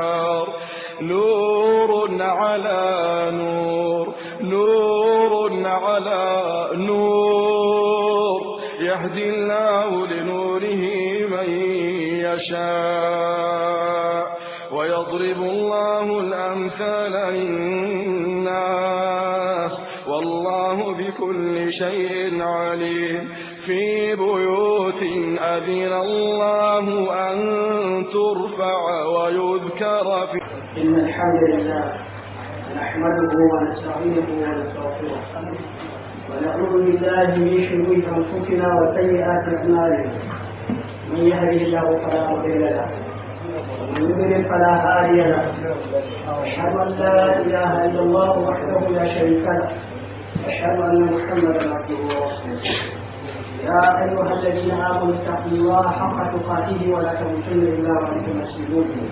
نور على نور نور على نور يهدي الله لنوره من يشاء ويضرب الله الأمثال للناس والله بكل شيء عليم في بيوت أذن الله أن الحمد لله نحمده ونستعينه ونستغفره ونعوذ بالله من شرور انفسنا وسيئات اعمالنا من يهده الله فلا مضل له ومن يضلل فلا هادي له اشهد ان لا اله الا الله وحده لا شريك له اشهد ان محمدا عبده ورسوله يا ايها الذين امنوا اتقوا الله حق تقاته ولا تموتن الا وانتم مسلمون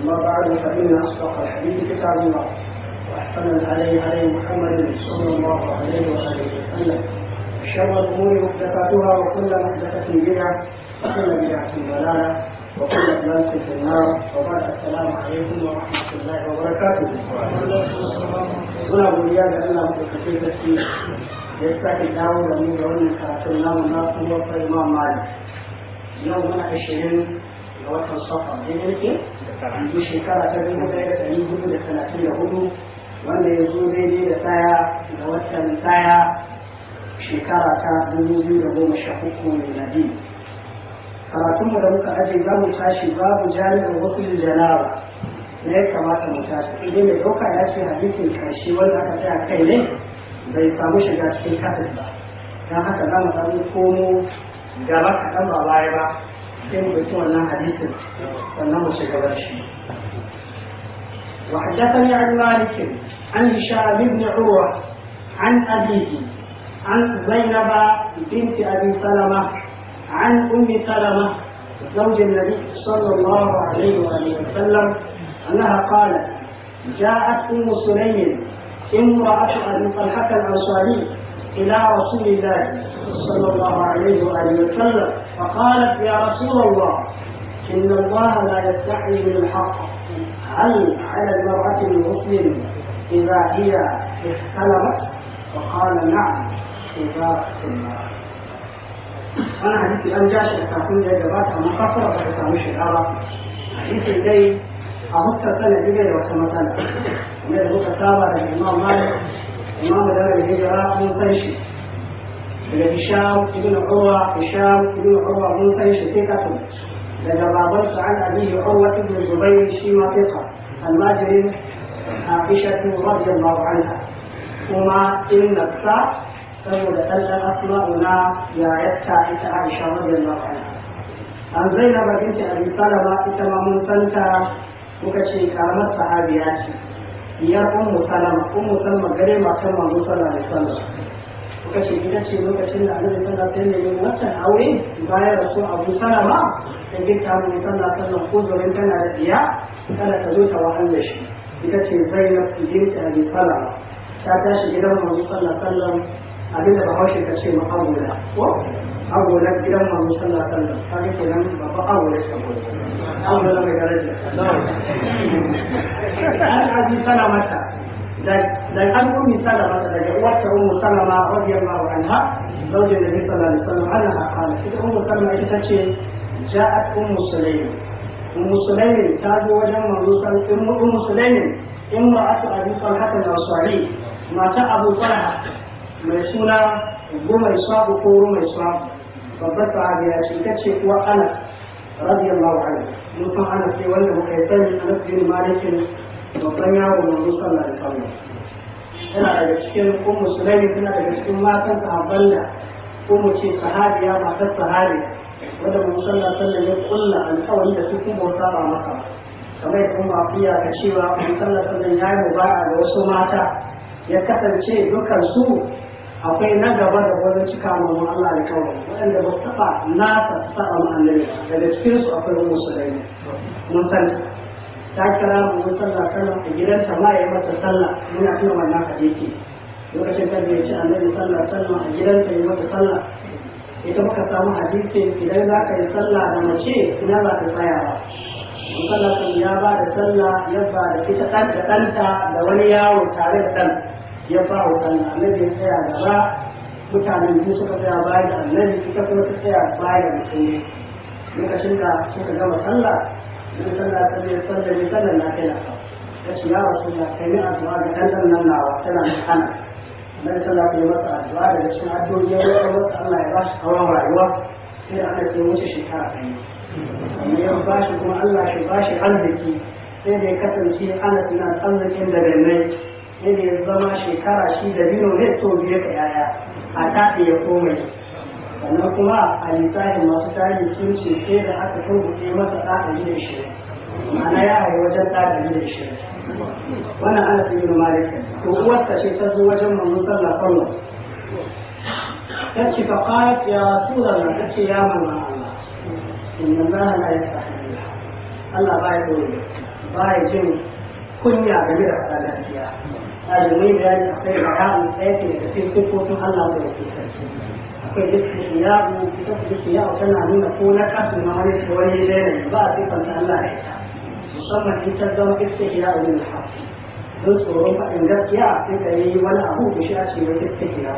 أما بعد فإن أصدق الحديث كتاب الله وأحسن الهدي هدي محمد صلى الله عليه وآله وسلم وشر الأمور محدثاتها وكل محدثة بدعة وكل بدعة ضلالة وكل ضلالة في النار وبعد السلام عليكم ورحمة الله وبركاته. هنا godiya ga Allah ku kace gaske da ya sake dawo da mu da wannan karatun namu na ga watan safar da yake yanzu shekara ta dubu ɗaya da ɗari hudu da talatin da hudu wanda ya zo daidai da tsaya ga watan ɗaya shekara ta dubu biyu da goma sha uku miladi karatunmu da muka aje za mu tashi babu jami'ar wakilin janaba na ya kamata mu tashi idan mai doka ya ce hadisin karshe wanda aka tsaya kai ne bai samu shiga cikin kafin ba don haka za mu ɗan komo gaba kaɗan ba baya ba sai mu ɗauki wannan hadisin sannan وحدثني عن مالك عن هشام بن عروة عن أبيه عن زينب بنت أبي سلمة عن أم سلمة زوج النبي صلى الله عليه وآله وسلم أنها قالت جاءت أم سليم امرأة أبي طلحة الأنصاري إلى رسول الله صلى الله عليه واله وسلم فقالت يا رسول الله ان الله لا يستحي من الحق هل على المراه المسلم اذا هي اختلفت فقال نعم اذا اختلفت أنا حديثي حديث الأنجاش أتاكم جاي جباتها مقصرة بحيث مش العرب حديث الجاي أهوت سنة جاي وسمة سنة ومن أهوت سابة الإمام مالك إمام دار الهجرات من طيشي daga hisham ibn urwa hisham ibn urwa mun san shi sai ka daga baban su an abihi urwa ibn zubair shi ma fiqa almajirin aisha radiyallahu anha kuma inna sa saboda ɗanɗan asma'u na yayarta ita aisha radiyallahu anha an zaina zainaba binti abi salama ita ma mun san ta. muka ce karamar sahabiya ce diyar ummu salama ummu salama gare matan manzo sallallahu alaihi wasallam kace ita ce lokacin da annabi sallallahu alaihi wasallam ya wancan aure bayan rasu Abu Salama da gitta mu sallallahu alaihi wasallam ko domin tana da diya kada ta zo ta wahala shi ita ce Zainab binti Abi Salama ta tashi gidan Manzo sallallahu alaihi wasallam abinda Bahaushe ta ce ma'amula ko agona gidan mamu sallah sallah ta ga kenan babba agona shi agona agona mai daraja an abi sana mata dan an ummi sallama daga uwarta ummu sallama radiyallahu anha zaujin nabi sallallahu alaihi wasallam anha qala ita ummu sallama ita ce ja'at ummu sulaym ummu sulaym ta zo wajen manzo sallallahu ummu sulaym imra'atu abi talha al-ansari mata abu talha mai suna gumai sabu ko rumai sabu babbar sahabiya ce ita ce kuwa anas radiyallahu anhu mun san anas sai wanda muka yi sani anas bin malikin babban yaro manzo sallallahu alaihi kawai, yana daga cikin ummu musulmi tana daga cikin matan sahabban da ummu ce sahabiya matar sahabi wanda manzo sallallahu alaihi ya kulla alƙawari da su kuma saba maka, kamar yadda umma fiya ta cewa manzo sallallahu alaihi ya yi muba'a da wasu mata ya kasance dukan su akwai na gaba da wani cika mamu Allah da kawai waɗanda ba su taɓa nasa su taɓa ma'anar daga cikinsu akwai ummu sulaimi mun san ta kira mu sallah sallah a gidanta ma ya mata sallah muna tuna wannan hadisi lokacin da ya ci annabi sallah sallah a gidanta ya mata sallah ita muka samu hadisin idan za ka yi sallah da mace ina za ka tsaya mun sallah ya ba da sallah ya ba da ita ɗan da ɗanta da wani yawo tare da ɗan ya ba wa sallah annabi ya tsaya gaba mutanen biyu suka tsaya baya da annabi ita kuma ta tsaya baya da mutum lokacin da suka gama sallah in sallah ta zai sallah zai sallah na kai na ta ya ce ya rasu ya kai ni addu'a ga dandan nan nawa tana da hana annabi sallah ta yi masa addu'a daga cikin addu'o'i ya yi masa Allah ya ba shi tsawon rayuwa sai da aka ce wuce shekara ɗaya amma ya ba shi kuma Allah shi ba shi arziki sai da ya kasance ana ina arzikin da gannai sai da ya zama shekara shi da biyu ne to biyu ka yaya a taɗe ya komai sannan kuma a lissafi masu tarihi sun ce sai da aka turbuɗe masa ɗa ɗari da ishirin ma'ana ya haifi wajen ɗa ɗari da ishirin wannan ana sun yi na malika to uwarsa ce ta zo wajen manzo sallah sallah ta ce fa qalat ya rasulullah ta ce ya manzo Allah inna Allah la yasahi Allah ba ya dole ba ya jin kunya game da faɗa gaskiya a jami'ai da ya ce akwai bayani ɗaya ke da cikin siffofin Allah da ya ke sarki الاشياء الاشياء tana nuna ko na kasu na wani wani ne ba a sifanta Allah da ita musamman in ta zama istihya min hafi don tsoron faɗin gaskiya sai ka yi wani abu da shi a ce wai istihya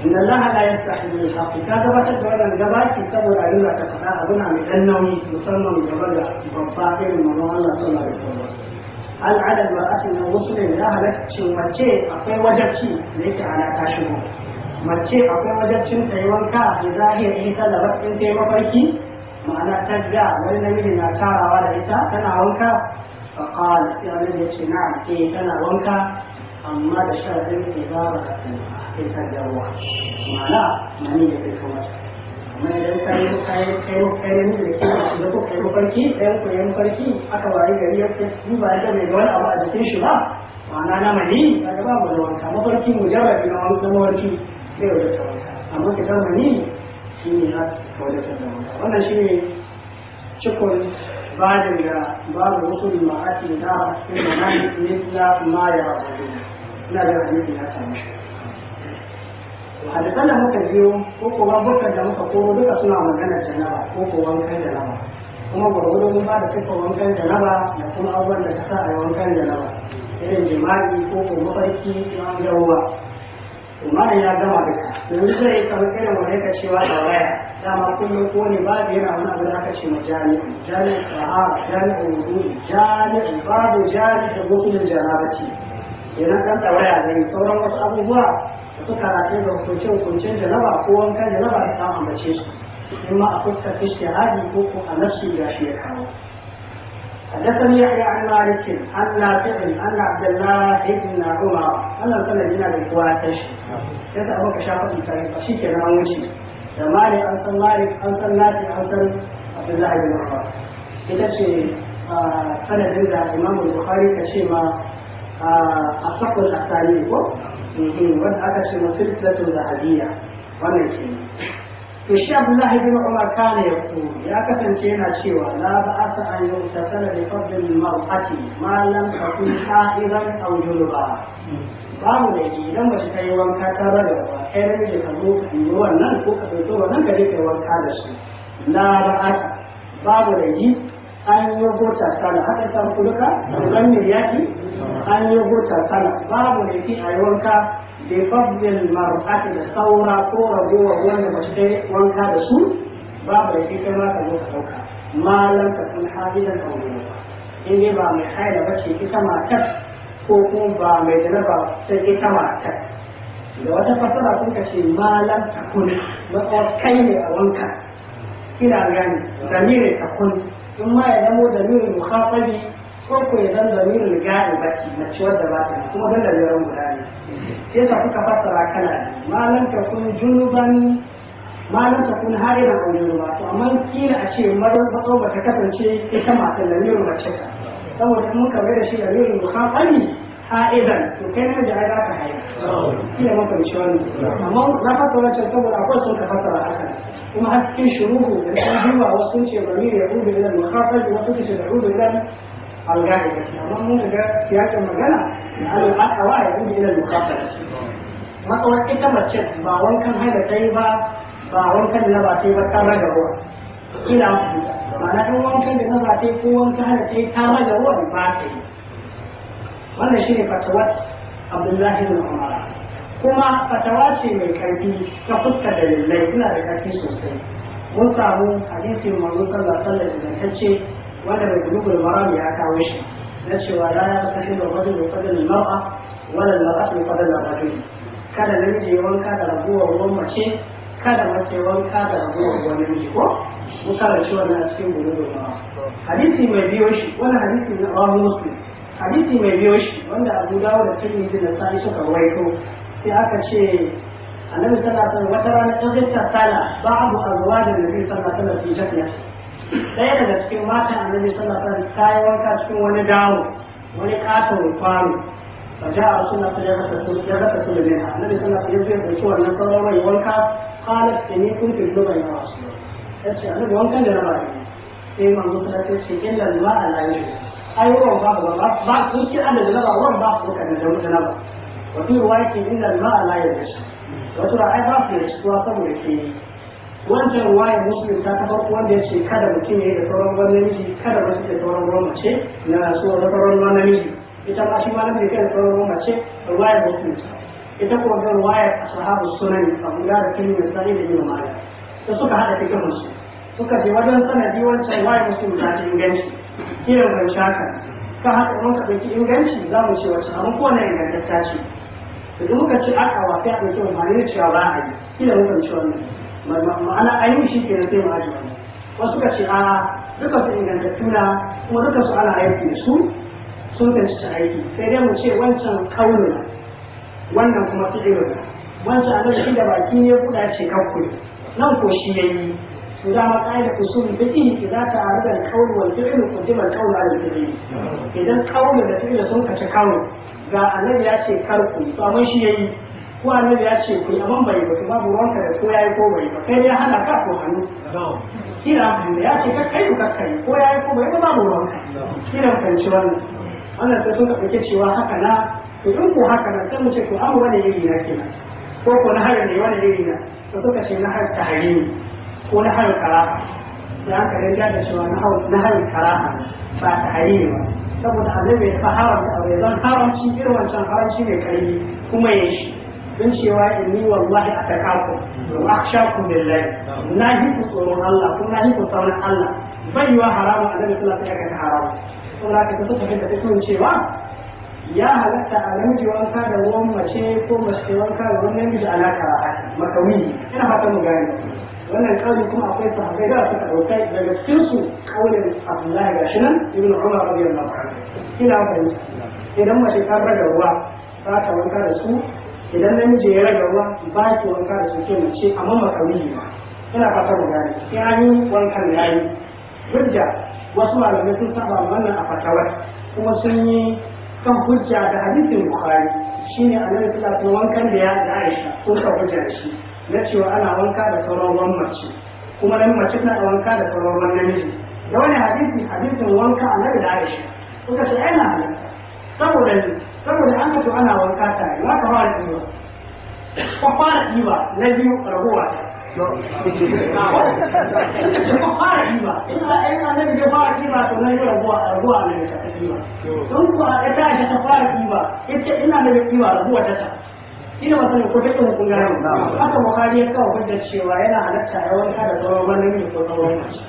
إن الله لا يستحي من الحق كذا بحث ولا جبات تبر أيوة تفتح أبنا من النوم يسمى من جبل بطاقة من الله صلى الله عليه وسلم العدد والأسل والرسل لا هلك شيء وشيء أقوى وجب ليس على كاشفه mace akwai wajen ta yi wanka da zahir in ta labar in ta yi mafarki ma'ana ta ga wani namiji na tarawa da ita tana wanka a qala sai wani ya ce na'am eh tana wanka amma da sharadin ibara da sai ta ga ruwa ma'ana mani ya fito kuma. amma idan ka yi kai kai kai ne da ke da ko kai mafarki ɗayan ku yi farki, aka wayi gari ya ce ba ya ga mai wani abu a jikin shi ba ma'ana na mani kaga ba mu da wanka mafarki mujarrabi na wani mafarki sai ya wadatar wanka amma ka ni shi ne har ka wadatar wanka wannan shi ne cikon babin da babu rusul ma'ati da a cikin manani misla ma ya rabu ina da hadisi na samu shi hadisan da muka biyo ko kuma bukkan da muka koro duka suna magana janaba ko ko wankan janaba kuma gwargwado mun ba wankan janaba da kuma abubuwan da sa a wankan janaba irin jima'i ko ko mafarki na imanin ya gama da ka domin zai yi kamar irin wani ka cewa da waya dama kullum ko ne babu yana wani abu da aka ce majami jami'in sahara jami'in wuzuri jami'in babu jami'in rukunin jarabati yana kan da waya zai yi sauran wasu abubuwa da suka rafe da hukunce hukuncin jaraba ko wankan jaraba da samun ambace su in ma a fuskar ishtihadi ko ko a nafsi ga shi ya kawo حدثني يحيى عن مالك عن نافع عن عبد الله بن عمر أنا سنة جنا بالكواتش كذا أبو كشافة الكريم فشي كنا أمشي مالك أن سن مالك أن سن نافع أن سن عبد الله بن عمر إذا شيء سنة جنا الإمام البخاري كشيما أصح الأساليب وأن هذا شيء سلسلة ذهبية وأنا شيء to shi Abdullahi bin Umar kana ya ya kasance yana cewa la ba'asa an yusafara bi fadlil mar'ati ma lam takun ha'iran aw junuba babu da ke idan mace ta yi wanka ta raga ba kai namiji ka zo ka yi wannan ko ka ɗauki wannan ka je ka yi wanka da shi la ba'asa babu da yi an yi gota sana haka ta kuduka zan yaki an yi gota sana babu da ke a yi wanka بفضل المرأة الثورة كورة جوا وين بشيء وين هذا شو باب رجيك ما تموت أوكا ما لم تكن حاجدا أو مموتا إني با محايلة بشي كتما تك كوكو با مدنة با كتما تك لو تفصل أكون كشي ما لم تكن بقوة كيني أولك sai da kuka fassara kala malam ta kun junuban malam ta kun har yana aure ruwa to amma kila a ce marar fatso ba ta kasance ita matan da mirin mace ta saboda mun kamar da shi da mirin bukan ƙwani ha'idan to kai na da za ka haida kila mun fahimci wannan amma na fassara wancan saboda akwai sun ka fassara haka kuma har cikin shuruhu da sun duba wasu sun ce bari ya rubu idan mukhafal wasu sun ce da rubu idan algari amma mun ga siyasan magana Ano ba tawa ay hindi na lukata. Matawa ba, ba bawang kang hay ba kayo ba, bawang kang nilabati, ba't tama gawa? Kilang kita. Mana ba wang kang nilabati, kung wang kang na kayo tama ba di pati. Mana siya ni patawat, Abdullah ibn Umar. Kuma patawat ce mai kaiti, ta ka dalilai may da rekati sosai, Mun samu hadisi mun mutalla sallallahu alaihi wasallam wanda mai gudu bai maram ya kawo shi na cewa la ya sahi da wajen mukaddal mar'a wala mar'a mukaddal rajul kada namiji ya wanka da rabuwar ruwan mace kada mace wanka da rabuwar ruwan namiji ko mun karanci wannan a cikin da mar'a hadisi mai biyo shi wani hadisi na rawu muslim hadisi mai biyo shi wanda abu dawo da tirmidhi da sa'i suka rawaito sai aka ce annabi sallallahu alaihi wasallam wata rana ta zai ta sala ba'du azwajin nabi sallallahu alaihi wasallam fi jannati sai daga cikin matan annabi sallallahu alaihi ta yi wanka cikin wani dawo wani kato mai kwano fa ja'a rasulullahi sallallahu alaihi wasallam ya zaka tsulu bin annabi sallallahu alaihi wasallam ya ce wannan sallah mai wanka qala inni kuntu bi dubai ya rasulullahi ya ce annabi wankan da rabai sai manzo yi. alaihi wasallam ya ce illa ma'a alayhi ai ruwan ba ba ba ba ku ce annabi sallallahu alaihi wasallam ba ku kan da mutana ba wato ruwaye ke illa ma'a alayhi wato ai ba ku ya ce saboda ke wancan waye musulun ta ta farko wanda ya ce kada mutum ya yi da sauran ruwan namiji kada wasu da sauran ruwan mace na so da sauran ruwan namiji ita ma shi ma namiji kai da sauran ruwan mace ruwayar muslim ta ita kuma ga waye ashabu sunan abu da da kin da yin mala da suka hada take musu suka ce wajen sanadi wancan waye muslim ta ta inganci irin ban shaka ka hada mun ka dauki inganci za mu ce wacce amma ko na ingantacce ce Duk muka ce aka sai a ɗauki umarni cewa ba a yi ila mukan ci ma'ana ainihin shi ke sai mu ajiye wasu ka ce a duka su inganta na kuma duka su ana aiki da su sun kanci aiki sai dai mu ce wancan kaunina wannan kuma fi'iluna wancan a lokacin da baki ne kuɗa ce kakkuri nan ko shi ya yi to dama ƙa'idar usul fiqh idza ta'arada ta qawl wal fi'l qaddima al-qawl ala al-fi'l idan qawl da fi'l sun kace kawo ga annabi ya ce karku to amma shi ya yi. ko annabi ya ce ku yaman bai ba babu ruwan ka ko yayi ko bai ba kai ne hana ka ko hannu kira hannu ya ce ka kai ka kai ko yayi ko bai ba babu ka kira kanci wannan wannan sai ka ɗauke cewa haka na to in ko haka na sai mu ce to an wani iri na kenan ko ko na hayar ne wani iri na to suka ce na hayar tahrimi ko na hayar karaha ya ka rinja da cewa na hayar karaha ba ta tahrimi ba saboda annabi ya fa haramta aure zan haramci irin wancan haramci mai kai kuma ya shi sun cewa ni wallahi aka kaku wa ku billahi na yi ku tsoron Allah kuma na yi ku tsoron Allah bai wa haramu annabi sai alaihi wasallam haramu saboda ka tafi tafi da sun cewa ya halatta a namiji wanka da ruwan mace ko mace wanka da ruwan namiji alaka makawi ina haka mu gani wannan kauli kuma akwai sahabbai da suka dauka daga cikin su kaulin Abdullahi gashi nan ibn Umar radiyallahu anhu ina fahimta idan mace ta raga ruwa za ta wanka da su idan namiji ya rage ruwa ba ki wanka da suke mace amma ne ba ina fata mu gane Ya yi wankan ya yi duk wasu malamai sun saba wannan a fatawar kuma sun yi kan hujja da hadisin ne shine nan sallallahu sun wankan da ya da Aisha ko ka hujja da shi na cewa ana wanka da sauran mace kuma nan mace tana wanka da sauran namiji da wani hadisi hadisin wanka nan da Aisha kuka ce ai Saboda saboda saboda an mutu ana wanka ta yi ya kamar ɗiba ko fara ɗiba na biyu ragowa ko fara ɗiba in a ɗan annabi ya fara ɗiba to na biyu ragowa ragowa ne ta ɗiba don ko a ta ta ta fara ɗiba ita ina da ɗiba ragowa ta ta ina ba sanin ko take hukun gare mu haka bukari ya kawo hujjar cewa yana halatta ya wanka da tsawon wannan ne ko tsawon wani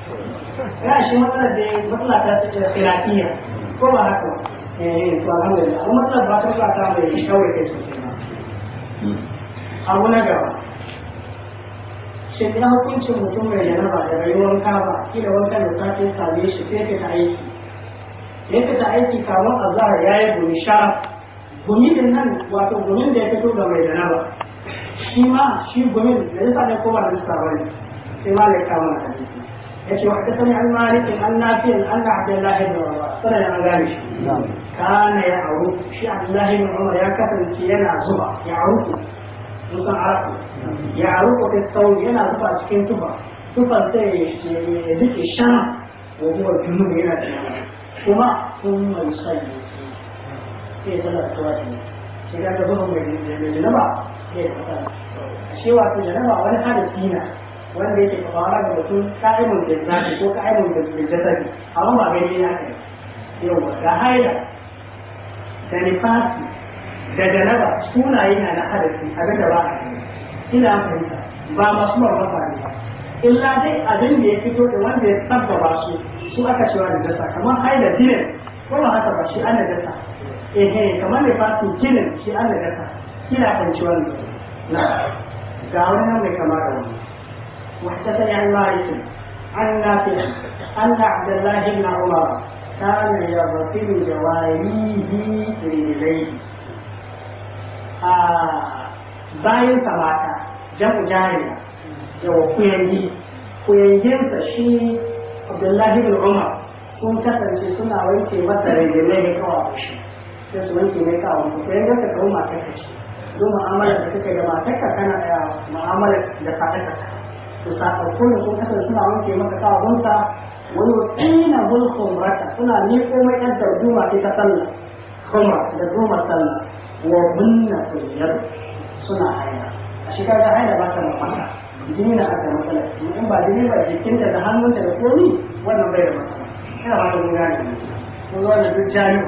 ya shi matsalar da matsala ta ce khilafiyya ko ba haka ba eh to alhamdulillah kuma ta ba ta ta mai kawai kai sosai abu na gaba shekara hukuncin mutum mai janaba da rayuwar kama kila wata doka ce same shi sai ta aiki ya fita aiki kamar azhar ya yi gumi sha gumi din nan wato gumin da ya fito ga mai janaba shi ma shi gumin da ya sa da kowa da sa ne, sai ma ya kama na hadisi yace wa ta sami al-malik an nafi an Allah da Allah da أصلا يا مغارش كان يعرف شيء عبد الله بن عمر يا كثر كيانا زبا يعرف نصن عرفه يعرف في الثوب ينا زبا سكين تفا تفا ذيك الشام وهو الجنوب هنا وما ثم يصلي في ثلاث صلوات إذا تظهر من الجنبة هي إيه، الشيء وقت الجنبة ولا حدث فينا wanda yake fara da mutum ka'imun da zafi ko ka'imun da jasadi amma ba gani na kai yawa da haila da nifasi da janaba sunaye na na hadasi abin da ba a gani ina fahimta ba masu marmaba ne ba illa dai abin da ya fito da wanda ya sabbaba su su aka cewa da dasa kamar haila dinin ko ba haka ba shi an da dasa eh kamar nifasi dinin shi an da dasa ina fahimci wannan na ga wani nan mai kama da wani وحدثني عن مالك عن نافع أن عبد الله بن عمر kana ya bakiru da warihi rilai a bayan samata jamu jariya yawa kuyangi kuyanginsa shi abdullahi bin umar sun kasance suna wanke masa rilai ne kawo shi sai su wanke mai kawo ku kuyanginsa kawo matarka shi. don mu'amalar da kake da matarka kana da mu'amalar da ka. to sakamakon sun kasance suna wanke masa kawo wani tsina hul khumrata suna ne komai ɗan darduma ta sallah khumra da duma sallah wa bunna kulliyar a haina a shi kaga haina ba ta mamaka jini na aka matsala in ba jini ba jikinta da hannunta da komi wannan bai da matsala ina ba ta mun gane ko wannan duk jami'u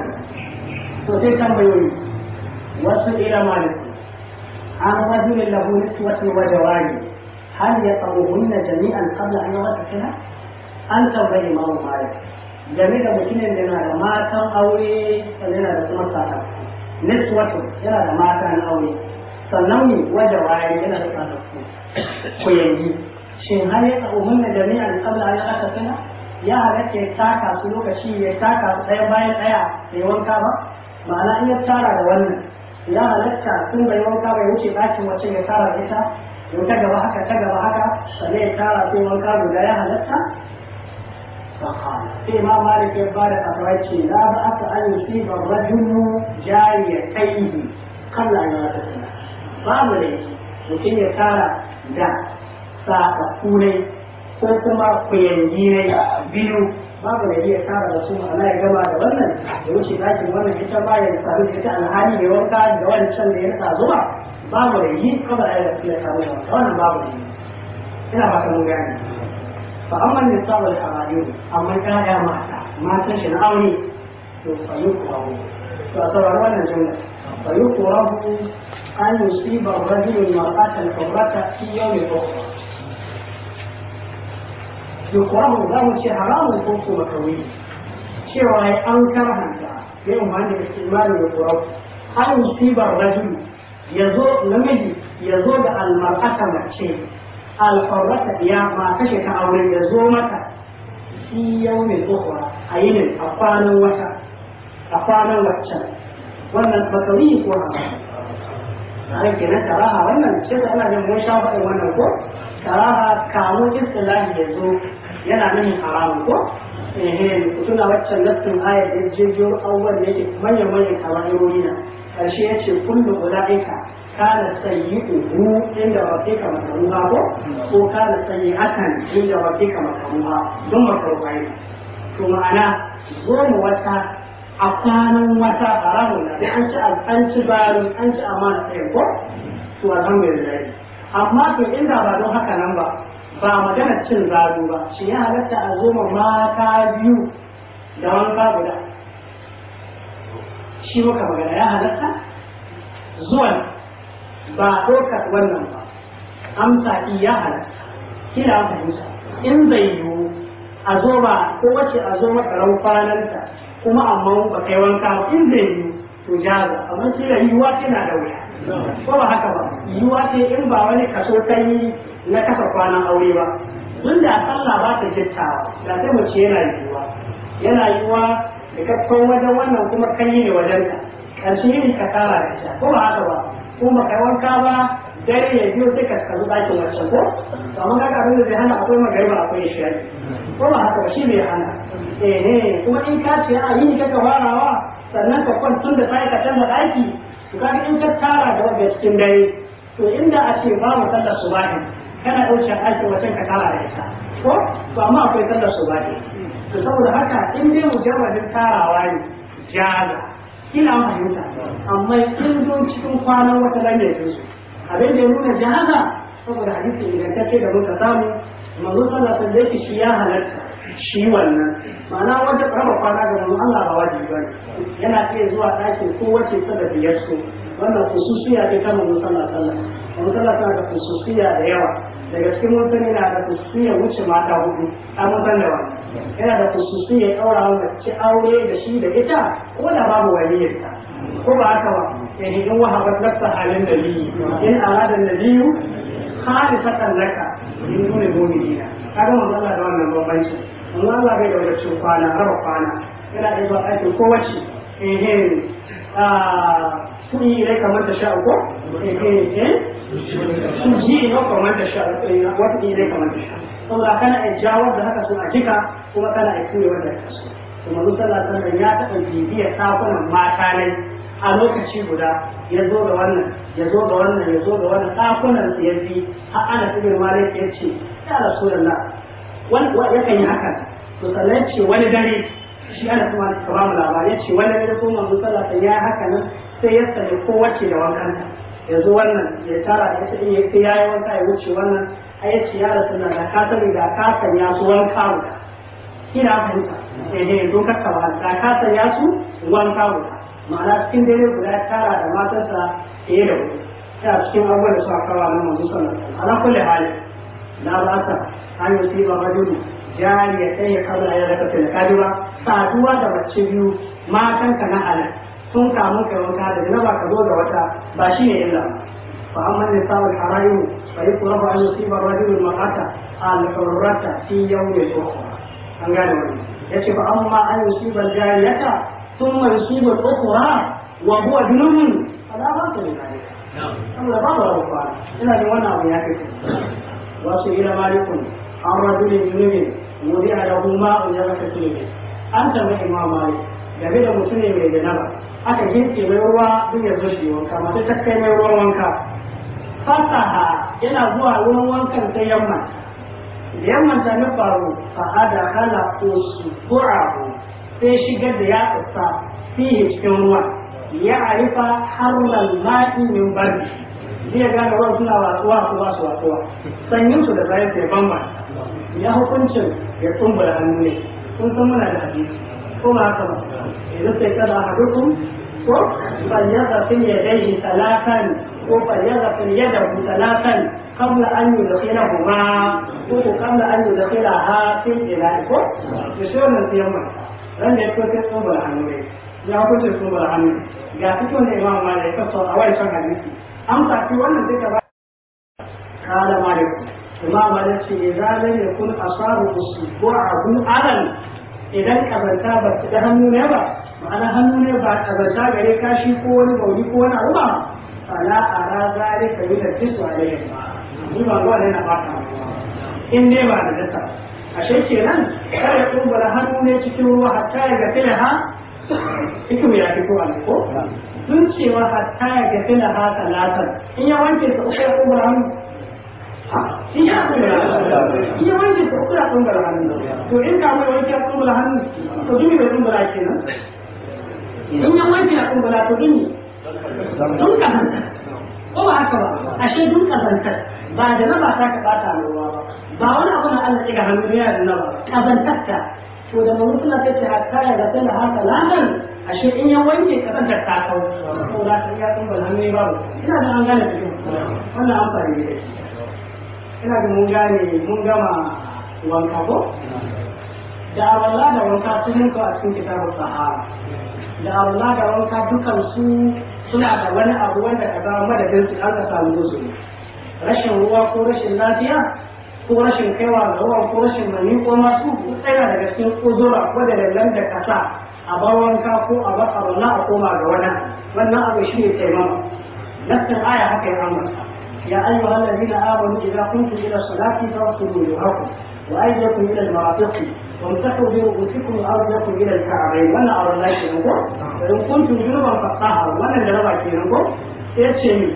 to sai tambayoyi wasu ila maliki an rajulin tsaro hunna jami'an qabla an tambayi imamu malik game da mutumin da yana da matan aure yana da kuma sata wato yana da matan aure sannan ne wajen wayan yana da sata ku yanzu shin har ya tsawo da jami'an kabla ya aka sana ya halatta ya taka su lokaci ya taka su ɗaya bayan ɗaya bai wanka ba ma'ana in ya tara da wannan ya halatta tun bai wanka bai wuce ɗakin wacce ya tara da ita yau ta gaba haka ta gaba haka sannan ya tara sai wanka guda ya halatta sai ma malik ya bada fatawa ce la ba aka an yusiba rajulu jariyatayhi kalla ya ta tana babu ne mutum ya tara da saka kunai ko kuma kuyangi ne biyu babu da iya tara da su ma'ana ya gama da wannan da wuce dakin wannan ita ba ya sami da ita alhali da wanka da wancan da ya nasa zuba babu da yi kawai wannan babu ba ta mun gane fa amma ne sabal al'adu amma ta ya mata matan shi na aure to fa yukrahu to a saurari wannan jumla fa yukrahu an yusiba rajulun mar'atan hurrata fi yawmi ukhra yukrahu za mu ce haramun ko ka makawi cewa ya an karhanta ya umarni da istimalin yukrahu an yusiba rajulun yazo namiji zo da almar'ata mace alfarrata ya ma kashe ta aure ya zo mata fi yawmin ukhra a yinin a kwanan wata a kwanan waccan wannan bakawi ko a ran na karaha wannan ce da ana jin mun sha faɗin wannan ko karaha kamun istilahi ya zo yana nan haramun ko ehe ku tuna waccan nassin ayar da jirgin awwal ne manyan manyan kawai na ƙarshe ya ce kullu ulaika kana sayi uku inda wa kamar kama ba? ko ko kana sayi hakan inda wa kamar kama karuwa don makaruwa to ma'ana goma wata a kwanan wata haramun na da an ci an ci bari an ci amana ɗaya ko to alhamdulillah amma to inda ba don haka nan ba ba magana cin zaro ba shi ya halatta a goma mata biyu da wanka guda shi muka magana ya halatta zuwan ba a ɗaukar wannan ba amsa iya halatta kina fahimta in zai yiwu a zo ba ko wace a zo maka raufananta kuma amma ba kai wanka in zai yiwu to jaza amma kila yiwuwa tana da wuya ko ba haka ba yiwuwa ce in ba wani kaso kan yi na kasa kwanan aure ba tun da sallah ba ta jittawa da sai mace yana yiwuwa yana yiwuwa da kakkon wajen wannan kuma kan ne wajen ta ƙarshe ne ka tara da ita ko ba haka ba Kuma kai wanka ba dare ya biyo sai ka kalli ɗakin wancan ko to amma ga abin da zai hana akwai ba akwai shiyari ko ba haka ba shi bai hana eh ne kuma in ka ce a yi ni kaka warawa sannan ka tun da sai ka canza daki to kaga in ka tara da wanda cikin dare to inda a ce ba mu sallar subahi kana a ɗakin wancan ka tara da ita ko to amma akwai sallar subahi to saboda haka in dai mu mujarradin tarawa ne jaza ina fahimta amma sun zo cikin kwanan wata ranar su abin da ya nuna jahaza saboda hadisi ingantacce da muka samu manzo sallallahu alaihi wasallam shi ya halarta, shi wannan ma'ana wajen raba kwana ga manzo Allah ba wajibi bane yana iya zuwa ɗakin ko wace ta da biyar su, wannan kususiya ce ta manzo sallallahu alaihi wasallam manzo sallallahu alaihi wasallam da kususiya da yawa daga cikin mutane na da kususiya wuce mata hudu a mutan da yana da kususi ya ɗaura wa mace aure da shi da ita ko da babu waliyarta ko ba haka ba yani eh, in wa wahabar nafsa halin da liyu in aradan da liyu hali sakan laka in nuna mu'minina kaga manzo Allah da wannan bambanci manzo Allah bai da wata kwana raba kwana yana da zuwa aikin kowace ehe eh, a kuɗi ilai kamar ta sha uku ehe ehe eh. ji ina kamar ta sha wata ilai kamar ta sha saboda kana a jawar da haka suna jika kuma kana a ture wanda ka so kuma musalla sannan ya taɓa bibiyar ɗakunan mata ne a lokaci guda ya zo ga wannan ya zo ga wannan ya zo ga wannan ɗakunan su ya bi har ana tsibirin malik ya ce ya rasulallah wani yakan yi haka to sannan ce wani dare shi ana kuma ka ba mu labari ya ce wani dare kuma musalla sannan ya haka nan sai ya sanya kowace da wankanta ya zo wannan ya tara ya sai ya yi wanka ya wuce wannan a ya ce ya rasu na ka sani da kasar sanya su wanka wuta ina fahimta ehe eh, don ka kaba da kasar sanya su wanka wuta ma'ana cikin dare guda tara da matarsa yi da hudu ta cikin abubuwan da suka kawo na mazu sallallahu alaihi hali na ba ta an yi su ba rajulu jariya sai ya kawo ya raka tilaka ba saduwa da mace biyu matanka na ala sun kamu kai wanka da na ba ka zo da wata ba shi ne illa ba فأما النساء الحرائم فيطلب أن يصيب الرجل المرأة الحرة في يوم الأخرى أن فأما أن يصيب الجارية ثم يصيب الأخرى وهو جنون فلا بأس بذلك أما لا الأخرى إلا أن وانا أبياتكم وسئل مالك عن رجل جنون وضع له ماء يغتسل به أنت الإمام مالك game da mutum ne mai janaba aka gince mai ruwa duk ya shi wanka masu ta mai ruwan wanka fasaha yana zuwa wurin wankan ta yamma da yamma ta na faru fa'ada hala ko su sai shigar da ya tsatsa fiye cikin ruwa ya arifa harulan ma'i min barbi zai gane ruwan suna watsuwa su wasu wasuwa. watsuwa sanyin su da zai sai bamba ya hukuncin ya tsumbura hannu ne sun san muna da hadisi ko ba haka ba Idan sai kada hadukum ko fayyaka sun yadaihi ne. فليغسل يده ثلاثا قبل أن يدخلهما قبل أن يدخلها في الإناء يشير من تيمم لن يكون تسوب العنوي ya hukunci sun bar hannu ga cikin da imam malik ka so a kan hadisi an saki wannan duka ba kala malik imam malik ce idza lam yakun asaru usbu'ahu alan idan kazanta ba ta hannu ne ba ma'ana hannu ne ba kazanta gare kashi ko wani bauli ko wani abu ba fala ara zalika yulqisu alaihim ni ba ga na ba in ne ba da dasa ashe kenan kada ya kumbura hannu ne cikin ruwa hatta ya ga filaha ikin ya fi kowa ne ko sun cewa hatta ya ga filaha talatar in ya wanke su uku ya kumbura hannu in ya kumbura in ya wanke su uku ya kumbura hannu to in ka mai wanke ya hannu in ya wanke Dunka kazanta. Ko ba haka ba, ashe dunka kazanta ba da na ba ta ka bata ruwa ba. Ba wani abu na Allah ɗiga hannu ya yi na ba, kazantarta. To da mu suna ta ce hatta ya ga tana haka lanan ashe in ya wanke kazantar ta kau. Ko za ta iya tun ba hannu ba. Ina da an gane cikin wannan amfani da shi. Ina da mun gane mun gama wanka ko? da Allah da wanka sun mutu a cikin kitabun sahara da Allah da wanka dukan su suna da wani abu wanda ka zama madadin su an ka samu musu rashin ruwa ko rashin lafiya ko rashin kaiwa ga ruwan ko rashin mani ko masu tsaya daga cikin uzura ko da lallan da kasa a bar wanka ko a bar arna a koma ga wani wannan abu shi ne taimama nassin aya haka ya ambata ya ayyuhal ladina amanu idza kuntum ila salati fawsudu yuhakum wa aydakum ila al-marafiqi وامسحوا برؤوسكم الارض الى الكعبين وانا ارى الله ان كنتم جنبا فطهروا وانا اللي ربع كيرنكم ايش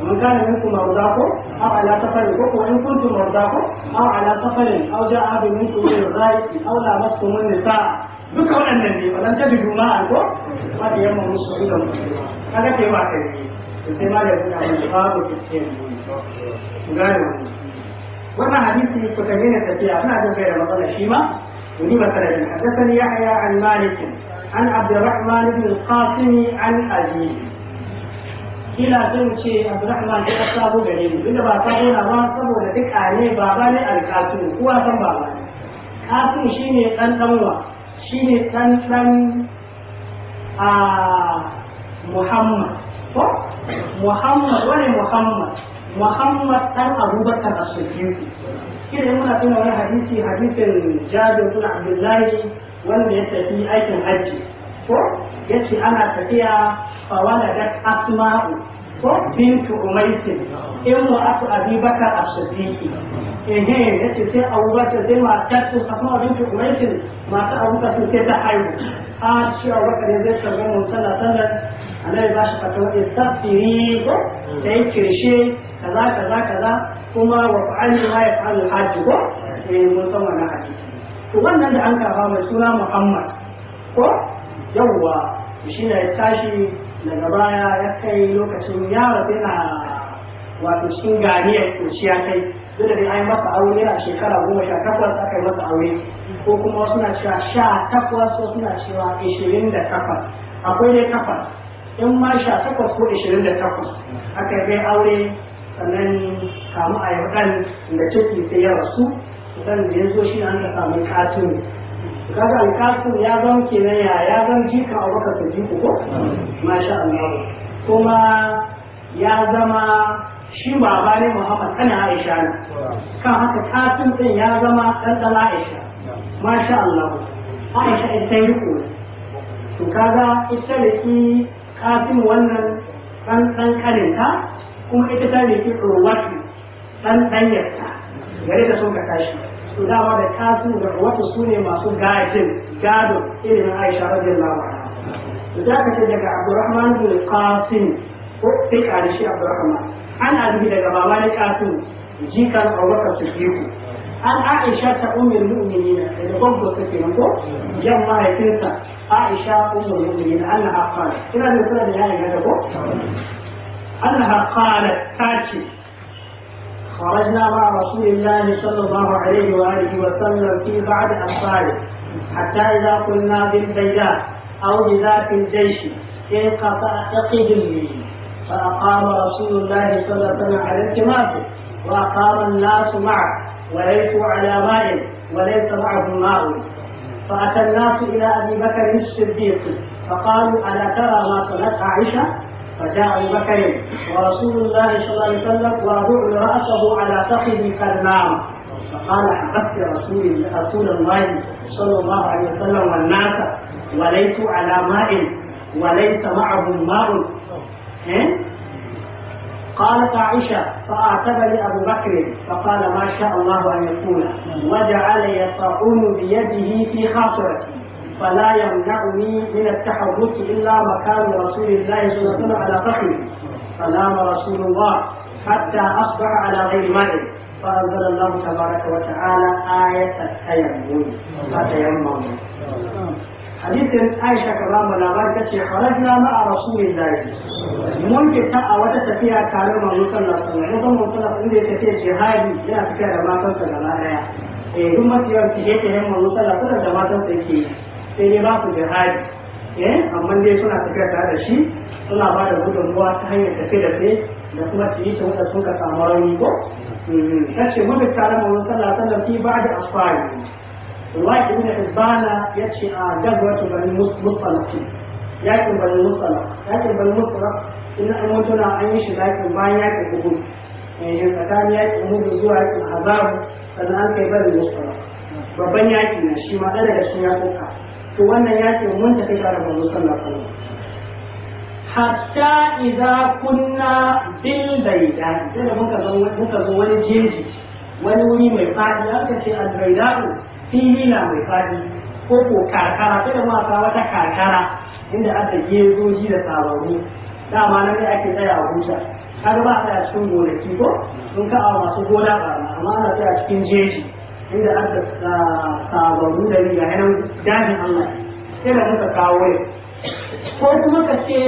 ومن كان منكم مرضاكم او على سفر وان كنتم مرضاكم او على سفر او جاء احد منكم من الغائب او لامستم النساء duka waɗannan ne wadan ta bidu ma ko ba da yamma musu idan kaga ke ba kai sai ma da kuma babu kike gane wannan hadisi ko ta ne tafiya ina jin bai da matsala shi ma ولي مثلا حدثني يحيى عن مالك عن عبد الرحمن بن القاسم عن أبيه kila zan ce Abdurrahman ya sabo gare ni inda ba sabo na ba saboda duk a ne baba ne alkasim kowa san baba ne kasim shine dan shine a Muhammad ko Muhammad wani Muhammad Muhammad dan Abubakar as kira yin muna tuna wani hadisi hadisin jabir bin abdullahi wanda ya tafi aikin hajji ko ya ana tafiya fawala da asma'u ko bintu umaisin in mu aku abubakar as-siddiqi ehe ya ce sai abubakar sai matar su asma'u bintu umaisin masu abubakar sun sai ta haihu a cewa bakar ya zai shagar mun sallah sallar annabi ba shi fatawa istafiri ko da ya kirshe kaza kaza kaza kuma wa fa'alin ma ya fa'alin hajji ko eh mun san wannan hadisi to wannan da an kafa mai suna Muhammad ko yawwa shi ne ya tashi daga baya ya kai lokacin ya rabe na wato cikin ganiyar ya kai duk da ai masa aure a shekara goma sha takwas aka yi masa aure ko kuma wasu na cewa sha takwas wasu na cewa ishirin da takwas akwai dai takwas in ma sha takwas ko ishirin da takwas aka yi aure sannan samu ayyakan da ciki sai ya rasu dan da ya zo shi an ka samu katun kaga katun ya zan na ya ya zan jika a baka su jiku ko masha Allah kuma ya zama shi baba ne Muhammad kan Aisha ne kan haka katun din ya zama dan dan Aisha masha Allah Aisha ita yi ku. to kaga ita da ki katun wannan dan dan karinka kuma ita ta ne ki ruwatu san ɗanyarsa gare da sun ka tashi, su dama da kasu da wasu su ne masu gajin gado irin aisha radiyallahu anha to da ka ce daga abdurrahman bin qasim ko sai da shi abdurrahman an azumi daga baba na qasim jikan abubakar siddiq an aisha ta ummul mu'minin da gwamgo ta ke ko jan mahaifinsa aisha ummul mu'minin annaha qalat ina da suna da yayin da ko annaha qalat ta ce خرجنا مع رسول الله صلى الله عليه وآله وسلم في بعض أمثاله حتى إذا قلنا بالبيداء أو بذات الجيش انقطع به فأقام رسول الله صلى الله عليه وسلم على التماس وأقام الناس معه وليسوا على ماء وليس معه ماء فأتى الناس إلى أبي بكر الصديق فقالوا ألا ترى ما صنعت عائشة فجاء ابو بكر ورسول الله صلى الله عليه وسلم وضع راسه على فخذ كالنار فقال حبست رسول رسول الله صلى الله عليه وسلم والناس وليت على ماء وليس معهم ماء إيه؟ قالت عائشة فأعتبني أبو بكر فقال ما شاء الله أن يكون وجعل يطعن بيده في خاصرتي فلا يمنعني من التحرك إلا مكان رسول الله صلى الله عليه وسلم على فخذي فنام رسول الله حتى أصبح على غير ماء فأنزل الله تبارك وتعالى آية التيمم فتيمموا حديث عائشة كرام الأبار تشي خرجنا مع رسول الله ممكن تأى وتتفيها كارما مصلى صلى الله عليه وسلم إذا تفيها جهادي لا تكاد ما تنسى لنا آية إيه ثم تيار تهيتهم مصلى صلى الله عليه وسلم sai dai ba su jihadi eh amma dai suna tafiya tare da shi suna ba da ruwa ta hanyar tafi da sai da kuma su ta wanda sun ka samu rauni ko mm-hmm. ta ce mafi tare mun sallah sallar fi ba da asfari ruwa ibn hizbana ya ce a gazwatu bani musalafi yakin bani musalaf yakin bani musalaf in an mutuna an yi shi yakin bayan yakin uhud yin eh, tsakanin yakin uhud zuwa yakin hazabu sannan an kai bari musalaf babban yaki na shi ma ɗaya daga ya yakuka to wannan ya ce mun tafi tare da manzo sallallahu alaihi hatta idza kunna bil baida sai da muka zo muka zo wani jeji wani wuri mai fadi aka ce al baida'u fili na mai fadi ko ko karkara sai da muka kawo wata karkara inda aka gezoji da sabani dama nan ne ake tsaya a huta kaga ba a cikin gonaki ko sun ka masu gona ba amma ana tsaya cikin jeji inda aka sababu da riga yanan dajin Allah sai da muka kawo ne ko kuma ka ce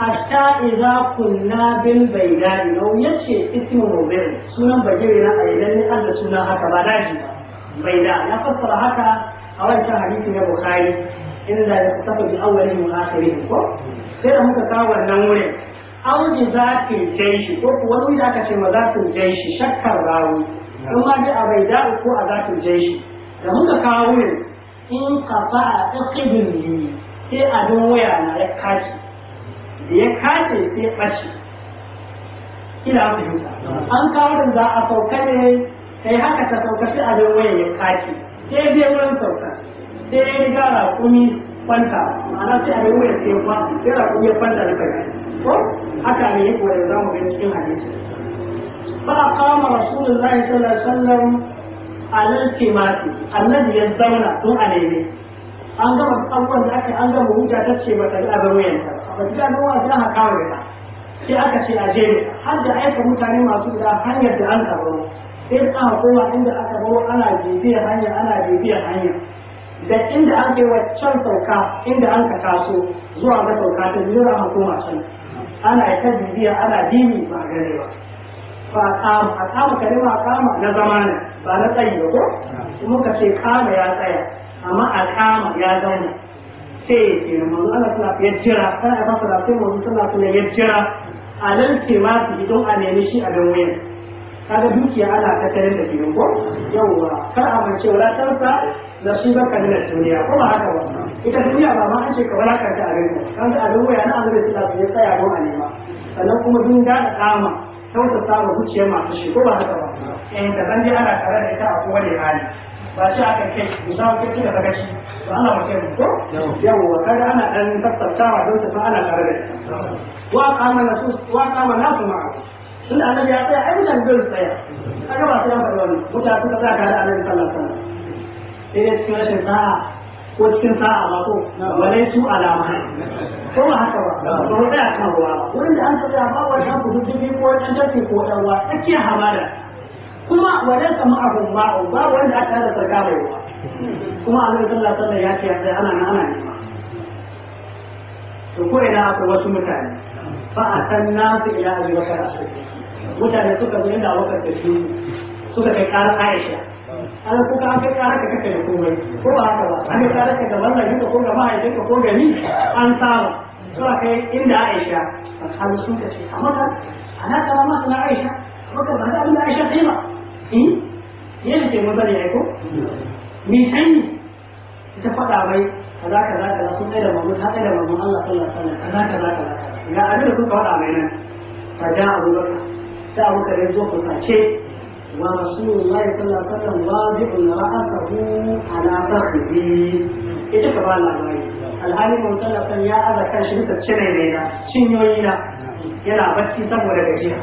hatta idza kunna bil baydani law ce ismu mubin sunan bajire na ayyadan ne Allah suna haka ba daji ba bayda fassara haka a wancan hadisi na bukari inda ya tafi bi awwalin wa akhirin ko sai da muka kawo wannan wurin auji za ta yi shi ko kuwa wani da aka ce ma za ta yi shi shakkar rawu in ma dai a bai da'i ko a zatin jeshi. da muka kawo ne in kafa a tsakibin yi sai abin waya na ya kace da ya kace sai ɓace ina fahimta an kawo da za a sauka ne sai haka ta sauka sai abin waya ya kace sai dai wurin sauka sai ya riga raƙumi kwanta ma'ana sai abin waya sai ya kwanta sai raƙumi ya kwanta da kai ko haka ne ya kuwa da za mu gani cikin hadisi فأقام رسول الله صلى الله عليه وسلم على التماس الذي يزدون دون عليه an gama abubuwan da aka an gama hujja ta ce ba ta yi abin wuyanta ba ta ga wa za a kawo ta sai aka ce a je har da aika mutane masu da hanyar da an karo sai aka kowa inda aka baro ana bibiyar hanya ana bibiyar hanya da inda an kai waccan sauka inda an ka taso zuwa ga sauka ta biyu da an koma can ana ta bibiya ana bibi ba gane ba fa kama a kama kalima kama na zamanin ba na tsaye ba ko ka ce kama ya tsaya amma a kama ya zauna sai ke manzo Allah sallallahu ya jira kana ba su da sai manzo suna alaihi ya jira a nan ce ma su don a nemi shi a dan wayan kaga dukiya ana tattalin da gidan ko yawwa kar a mance wala tarfa da shi baka da duniya ko ba haka ba ita duniya ba ma an ce ka wala kanta a rinka kan a dan wuya na Allah suna alaihi ya tsaya don a nema sannan kuma dun da kama kyautata wa zuciyar masu shi ko ba haka ba eh da zan je ana tare da ita a kowane hali ba shi aka kai misali kai kina daga shi to ana mace mu ko yawa kada ana dan tattautawa don ta ana tare da ita wa na su wa na su ma sun da annabi ya tsaya ai mutan bin tsaya kaga ba su an faɗa wannan mutane suka tsaya tare da annabi sallallahu alaihi wasallam sai cikin rashin sa'a ko cikin sa'a ba ko walai su alama ko ba haka ba ba mu tsaya kan ruwa ba wurin da an tsaya ba wani ku duk jibi ko wani an tafi ko ɗan ruwa tsakiyar hamada kuma wajen sama abun ba ba wanda aka da sarka mai ruwa kuma a nan sallah sallah ya ce yanzu ana nan ana nema to ko ina akwai wasu mutane ba a san nasu ila abubakar a sarki mutane suka zo inda wakar da su suka kai karar aisha an kuka an kai karaka kake da komai ko ba haka ba an kai karaka da wannan ko ga mahaifinka ko gani an saba zuwa yi inda Aisha fa kalu sun ka ce amma ana kama masa na Aisha maka ba da abin da Aisha sai ba eh yadda ke mazari ya ko mi sani ita faɗa mai kaza kaza kaza sun tsaye da mamu ta tsaye da mamu Allah sallallahu alaihi wasallam kaza kaza kaza ga abin da kuka faɗa bai nan fa da Abu Bakar sai Abu Bakar ya zo fusace ورسول الله صلى الله عليه وسلم واضع رأسه على فخذه ita ka ba labari alhali mun sallallahu ya aza kan shi bisa cire ne na cinyoyi na yana bacci saboda gajiya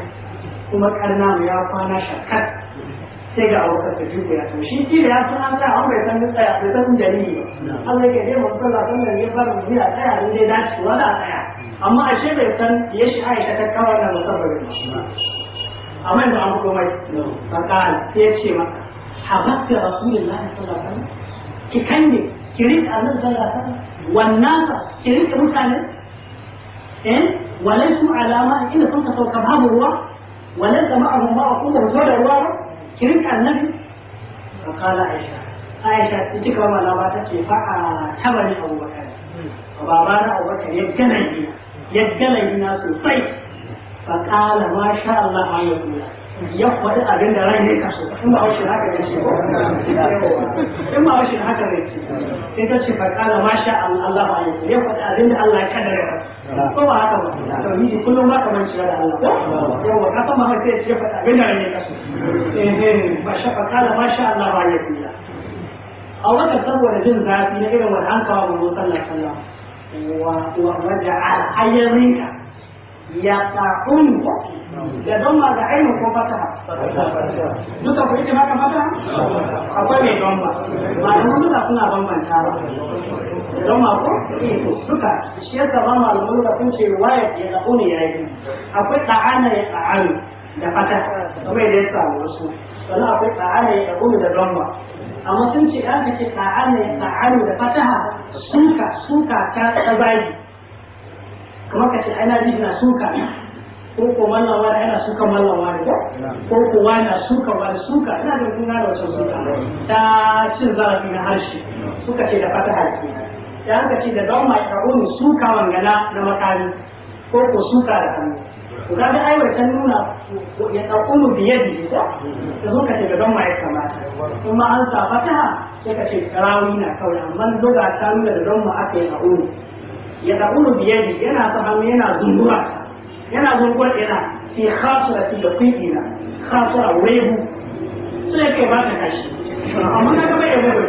kuma karna ya kwana shakkar sai ga abokan da juku ya toshi shi da ya san an tsaya an bai san tsaya bai san dalili ba Allah ya dai mun sallallahu alaihi ya fara mu ya tsaya in dai dace wala tsaya amma ashe bai san ya shi Aisha ta kawar da musabbabin ba أمين أمين أمين فقال تيتشي ما حبت رسول الله صلى الله عليه وسلم كي كندي كريت الله صلى الله عليه وسلم والناس كريت مسلم إيه وليس على ما إن كنت تركب هذا هو وليس معه ما أقول له صلى الله عليه كريت النبي فقال عائشة عائشة تجيك وما لا باتك فعلا تبني أبو بكر وبابانا أبو بكر يبقى لينا يبقى لينا سوصيح faƙala ma sha Allah ma ya kula ya faɗi abin da rai ne ka so in ba haushin haka ne ce ko in ba haushin haka ne ce sai ta ce faƙala ma sha Allah ma ya kula ya faɗi abin da Allah ya kaddara ka ko ba haka ba to miji kullum ba kamar cewa da Allah ko ba ka san ma sai ya faɗi abin da rai ne ka so eh ba sha faƙala ma sha Allah ma ya kula a wata saboda jin zafi na irin wani an kawo mu sallah sallah wa wa raja'a ayyarinka يقعون لدم على ko وفتحة duka ku ita maka mata akwai mai bamba malaman duka suna bambanta ba don ma ko duka shi yasa ba malaman da sun ce waya ya zaɓo ya yi akwai ta'ana ya ta'ani da fata Akwai da ya samu wasu sannan akwai ta'ana ya zaɓo da bamba amma sun ce an ce ta'ana ya ta'ani da fataha suka suka ta zagi kuma ka ce ana ji na suka ko ko mallan wani ana suka mallan wani ko ko ko wani na suka wani suka ina da kun gane wacce suka ta cin zarafi na harshe suka ce da fata haƙi da aka ce da don mai ƙaruni suka wangana na makami ko ko suka da hannu to ga da aiwatar nuna ya ɗauƙunu biyadi ko da suka ce da don mai kamata kuma an sa fata sai ka ce karawi na kawai amma zuga ta nuna da don mu aka yi ƙaruni ya da'ulu biyadi yana ta hannu yana zungura yana zungura ina fi khasirati da kuina khasira webu sai kai ba ta kashi amma na gaba yau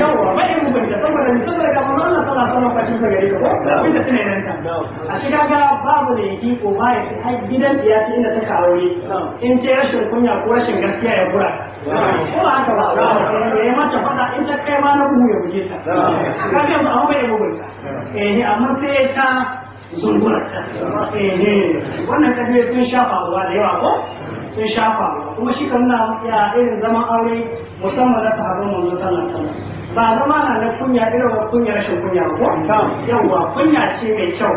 yawa ba yin saboda ni saboda ga manzon Allah sallallahu alaihi wasallam ko abin da tunai nan a shi kaga babu da yake ko ba ya har gidan ya ce inda ta aure in ce rashin kunya ko rashin gaskiya ya kura ko aka ba eh mata fada in ta kai ma na ku ya buje ta kaga ba amma ya buje eh amma sai ta zungura eh wannan kaje sun shafa ruwa da yawa ko sun shafa kuma shi kan nuna ya irin zaman aure musamman na sahabban manzo sallallahu alaihi ba zama na na kunya irin kunya rashin kunya ko yawwa kunya ce mai kyau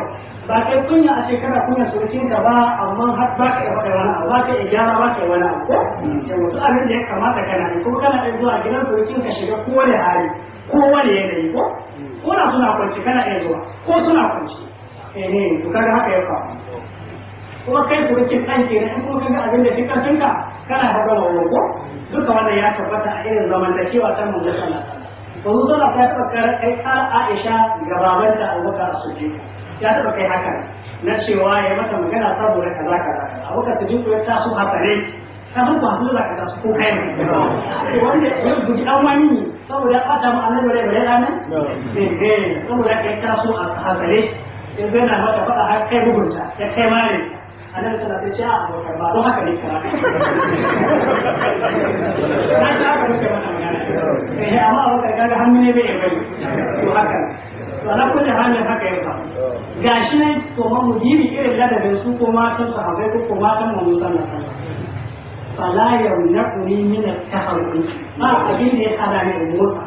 ba kai kunya a ce kada kunya surukin ka ba amma har ba ka iya faɗa wani abu ba ka iya gyara ba ka iya wani abu ko hmm. yanzu abin da ya kamata kana yi kuma kana iya zuwa gidan surukin ka shiga kowane hali kowane yanayi ko hmm. ko na suna kwanci kana iya zuwa ko suna kwanci eh ne to kaga haka ya faru kuma kai surukin ɗan ke in kuma kaga abin da shi ka? kana faɗa wa ko duka wannan ya tabbata a irin zamantakewa ta mun zai sallah. Wanzu zuwa ta taɓa kai Aisha gababanta a Siddiq. ya taɓa kai haka na cewa ya mata magana saboda ka kaza ka ta jinku ya taso hasare ka san ba za ka za su ko kai ne wanda ya saboda ya mu annabi bare rana eh, eh, ka a hasare in gana mata faɗa har kai bugunta ya kai annabi ah, abokan ba don haka ne ka na ta haka mata magana eh, amma abokan hannu ne bai bai to haka to haka ya faru ga shi nan kuma mu dibi irin ladabin su ko matan su haɓai ko ko matan mu mun sallah fala ni min at-taharrur ma abin da ya hada ne da mota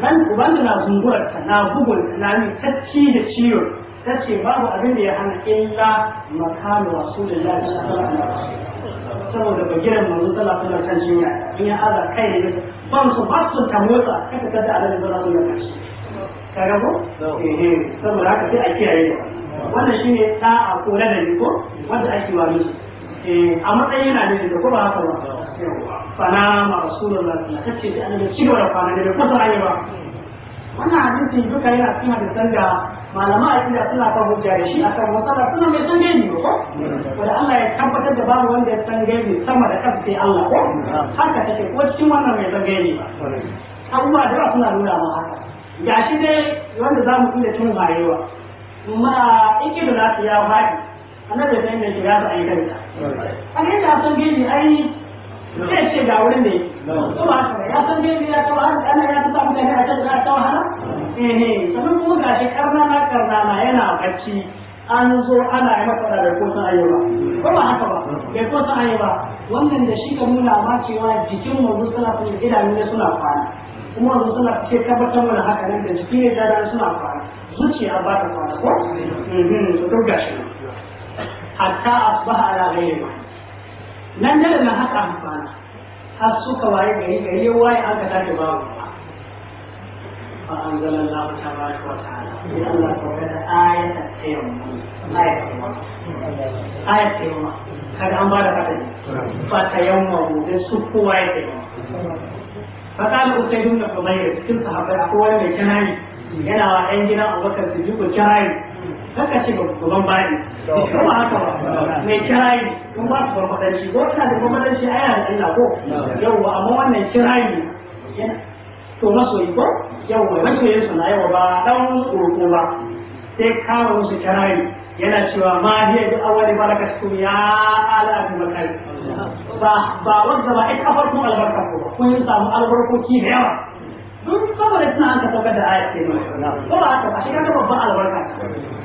ban uban na zungurar ta na bugun na mi tacci da ciwo tace babu abin da ya hana illa makalu rasulullahi sallallahu alaihi wasallam saboda bagiran manzo sallallahu alaihi wasallam kan jinya in ya aza kai ne ban su ba su ta motsa kada kada Allah ya zama su kaga ko eh, eh, saboda haka sai a kiyaye wannan shine da'a ko ladabi ko wanda ake wa musu eh, a matsayin na ne da ko ba haka ba fana ma rasulullah sallallahu alaihi wasallam kace da annabi ci gaba da fana da ko sai ba wannan hadisin duka yana cikin hadisan da malama a inda suna kan hujja da shi akan matsala suna mai san gani ko wanda Allah ya tabbatar da babu wanda ya san gani sama da kansa Allah ko haka take ko cikin wannan mai san gani ba abubuwa da suna nuna ma haka ga shi dai wanda za mu iya cin wayewa ma ike da nasu ya faɗi annabi sai mai shiga ba a yi kanta a ga yadda san gini ai sai ce ga wurin da to ba haka ya san gini ya tawa har ana ya tawa mutane a can za ta wahala eh sannan kuma ga shi karnana karnana yana bacci an zo ana yi masa da ko san ayyuka ko ba haka ba da ko san ayyuka wannan da shi ka nuna ma cewa jikin mu suna kuma idanu ne suna kwana kuma wanzu suna ke tabbatar mana haka nan da jiki ne jada suna fara zuciya ba ta fara ko mhm, to duk gashi hatta asbaha ala ghairi ma nan da nan haka an fara har suka waye gari gari waye an ka tashi babu fa anzalallahu tabaraka wa ta'ala sai Allah ya kawo da ayatul tayammum ayatul tayammum kada an ba da fata fa tayammamu dai su kowa ya tayammum فقال أسيد بن cikin كل صحابة أقوال mai كناي yana wa ɗan a abokan su jiko kirayi haka ce ba bayi ko ba haka ba mai kirayi kun ba su farfadanci ko ta da farfadanci a yana Allah ko ba amma wannan kirayi to masoyi ko yau yawwa masoyin su na yau ba dan roƙo ba sai kawo musu kirayi yana cewa ma hiya bi awwali barakatukum ya ala abi bakari ba ba wanda ba ita farkon albarka ko ba kun samu albarkoki da yawa duk saboda suna an ka saukar da ayat ke nuna ko ba haka ba shi kaga babban albarka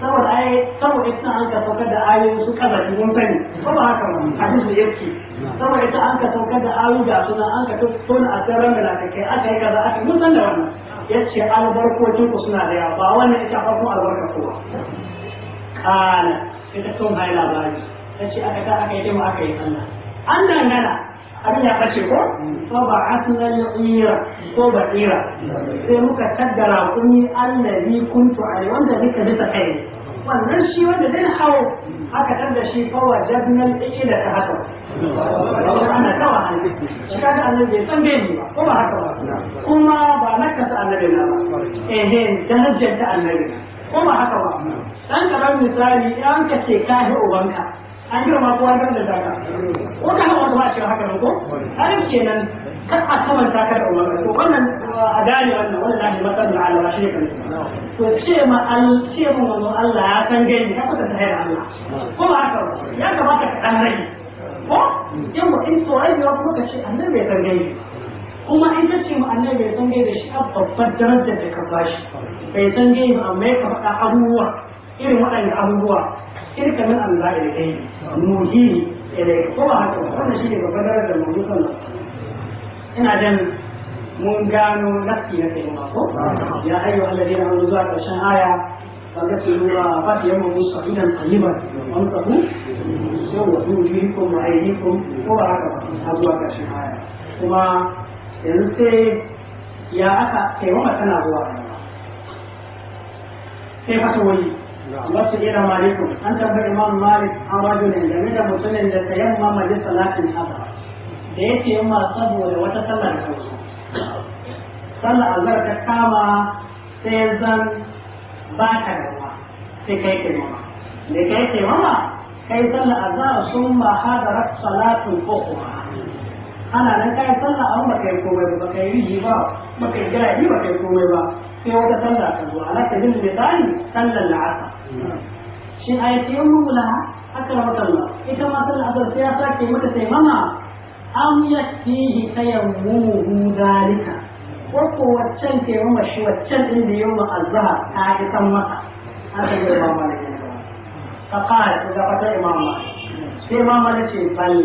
saboda ai saboda suna an ka saukar da ayoyi su kazafi mun sani ko ba haka ba a cikin su yake saboda ita an ka saukar da ayoyi ga suna an ka tona a tsaron da ka kai aka yi kaza aka mun san da wannan yace albarkokin ku suna da yawa ba wannan ita farkon albarka ko ba kana ita tun hai labari tace aka ta aka yi dama aka yi sallah an dangana abin ya ɓace ko mm. ko ba asunan ira ko ba ira sai muka kaddara kuni allazi kuntu ai wanda nika bisa kai wannan shi wanda zai hawo aka tarda shi ko wajadnal ila ta haka ana kawa an shi ka kaga annabi bai san bai ba ko ba haka ba kuma ba nakasa annabi na ba eh eh darajar da annabi ko ba haka ba mm. dan karan misali an ka ce kahi ubanka an girma ko an garda zaka ko ta hawa ta bacin haka ko alif kenan kar a saman taka da umar ko wannan uh, a gane wannan wallahi matsalar alama shi kan to ce ma al ce mu manzo Allah ya san gani haka ta hayar Allah ko ba haka ya kamata ka dan rage ko yawa in so ai ba kuma ka ce annabi ya san gani kuma in ka ce annabi ya san gani da shi a babbar darajar da ka bashi bai san gani ba amma ya faɗa abubuwa irin waɗannan abubuwa shirka min Allah da kai muhi ilai eh, ko ba haka wannan shi ne babban da mu sun ina jan mun gano nafsi na kai ma ko ya ayyu alladina amanu zuwa karshen aya fa gasilura fa yammu musafidan tayyiban wa antahu yawwa tujikum wa aydikum ko ba haka ba zuwa karshen aya kuma yanzu sai ya aka kai wa tana zuwa sai fata wani wasu irin malikun an tambayi imam malik an rajulin game da mutumin da ta yamma mai salatin haka da yake yamma saboda wata sallar kausa sallar azhar ta kama sai zan ba ka gaba sai kai ke mama da kai ke mama kai sallar azhar sun ma hadarat salatun ko kuma ana nan kai sallah an baka yi komai ba yi baka yi baka yi komai ba sai wata sallah ta zo misali sallar la'asa shin a yace yin mula aka rama kalla ita ma sallar azhar sai ya sake mata taimama am yakfihi tayammuhu zalika ko ko waccan taimama shi waccan din da yawma azhar ta yi san masa aka yi imam malik fa qala to ta fata imam sai imam malik ce bal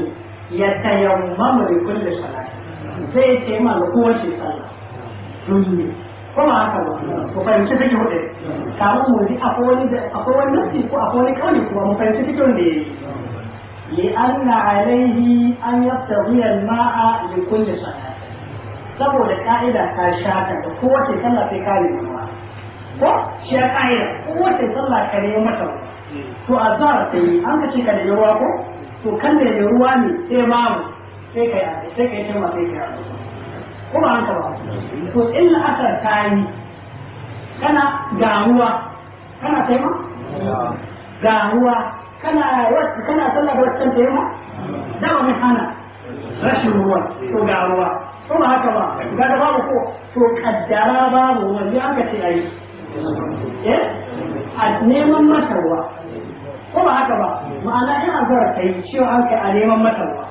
ya tayammamu bi kulli salati sai ya taimama ko wace sallah dole Kuma haka ba ku fahimci fikin hudu kamun mu ji akwai wani akwai wani nasi ko akwai wani kauli kuma mu fahimci fikin da yayi an عليه أن ma'a الماء لكل صلاة saboda ka'ida ta shata da kowace sallah sai ka nemi ruwa ko shi ya ka'ida kowace sallah ka nemi mata to azhar sai an ka ce ka nemi ruwa ko to kan da ruwa ne sai mamu sai kai sai kai sai kai ko ba haka ba to in la'asar ta yi kana gamuwa kana taima gamuwa kana wasu kana sallah da wasu taima da ba mai hana rashin ruwa to gamuwa ko ba haka ba ga da babu ko to kaddara babu wani aka ce ayi eh a neman masa ruwa ko ba haka ba ma'ana in azara ta yi ciwo an kai a neman masa ruwa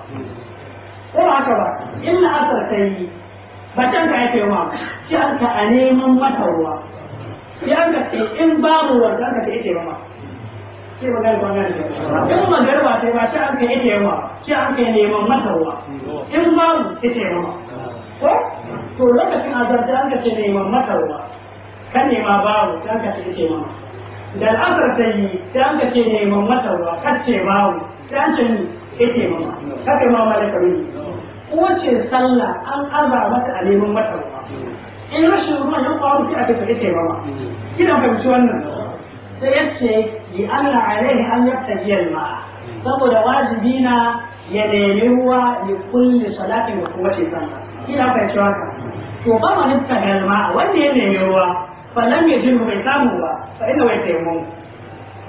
ko ba haka ba in la'asar ta yi batan ka yake ma shi an ka a neman mata ruwa sai an ka ce in babu wanda ka yake ma sai gari ba gani in magana ba sai ba shi an ka yake ma shi an ka neman mata ruwa in babu yake ma ko to lokacin azar da an ka ce neman mata ruwa kan nema babu sai ka ce yake ma da azar ta yi sai an ka ce neman mata ruwa kacce babu sai an ce ni yake ma haka ma malaka ne wuce sallah an aza masa a neman mata in rashin ruwa ya faru sai a kai sai mama kina fahimci wannan sai ya ce li anna alaihi an yaftajiyal ma saboda wajibi na ya nemi ruwa li kulli salatin wa kowace sallah kina fahimci wannan to ba ma niftajiyal ma wanda ya nemi ruwa fa lam yajin bai samu ba fa ina wai mu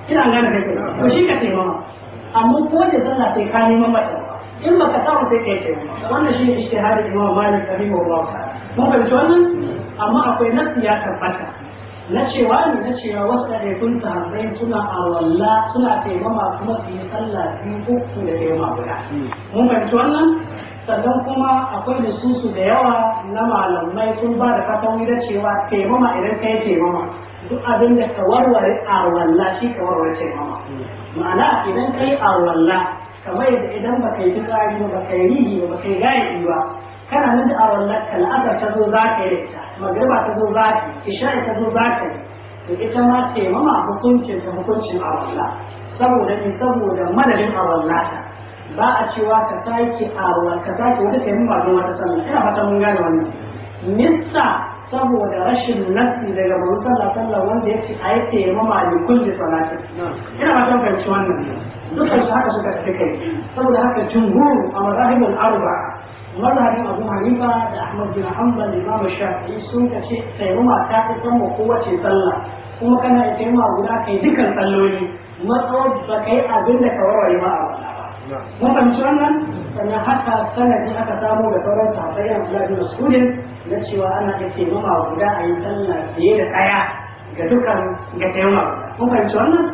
kina gane kai ko shi ka taimama amma ko da sallah sai ka neman mata in ba ka samu sai kai taimako wannan shi ne ishtihari imam malik rahimahullah ta'ala mun fahimci wannan amma akwai nasi ya tabbata na cewa ne na cewa wasu ɗaiɗaikun sahabbai suna awalla suna taimama kuma su yi sallah biyu uku da taimama guda mun fahimci wannan sannan kuma akwai nususu da yawa na malamai sun ba da fatawi da cewa taimama idan ka yi taimama duk abin da ka warware a walla shi ka warware taimama ma'ana idan ka yi a walla kamar yadda idan baka yi fitsari ba baka yi rihi ba baka yi gayaɗi ba kana nan da awallar ka la'asar ta zo za ka yi da ita, magriba ta zo za ka yi isha'i ta zo za ka yi to ita ma taimama hukuncin ta hukuncin awalla saboda ni saboda madadin awalla ta ba a cewa ka sake awalla ka sake wata taimama don wata sallah ina fata mun gane wannan nissa saboda rashin nassi daga manzon sallah sallah wanda ya ce a yi taimama ne kulli salatin ina fata mun fahimci wannan dukkan su haka suka kai kai saboda haka jumhur a mazahibul arba mazhabin abu hanifa da ahmad bin hanbal imam shafi'i sun kace taimama ta fi san mu kowace sallah kuma kana iya taimama guda kai dukkan salloli matsawar ba abinda abin da ka warware ma a wala ba mun fahimci wannan sannan haka sanadi aka samu da sauran sahabbai a Abdullahi na cewa ana iya taimama guda a yi sallah fiye da ɗaya ga dukkan ga taimama mun fahimci wannan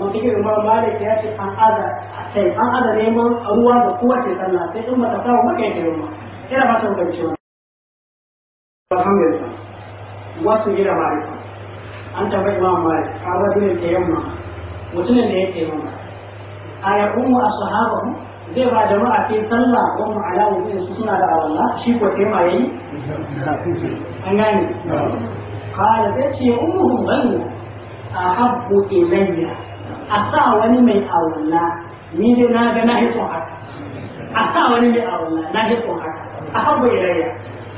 kuma kike Umar Malik ya ce an aza sai an aza neman ruwa da kowace sallah sai in mata samu maka yake ruwa ina ba ta bance wa alhamdulillah wasu gida ma'arifa an tabbata Imam Malik a rajulin tayammum mutumin da yake yamma a ya ummu ashabahu zai ba jama'a ke sallah ko mu ala mutum su suna da Allah shi ko sai ma yayi an gane qala sai ce ummuhum ban ahabbu ilayya a sa wani mai aula ni dai na ga na hito haka a sa wani mai aula na hito haka a haɓa iraya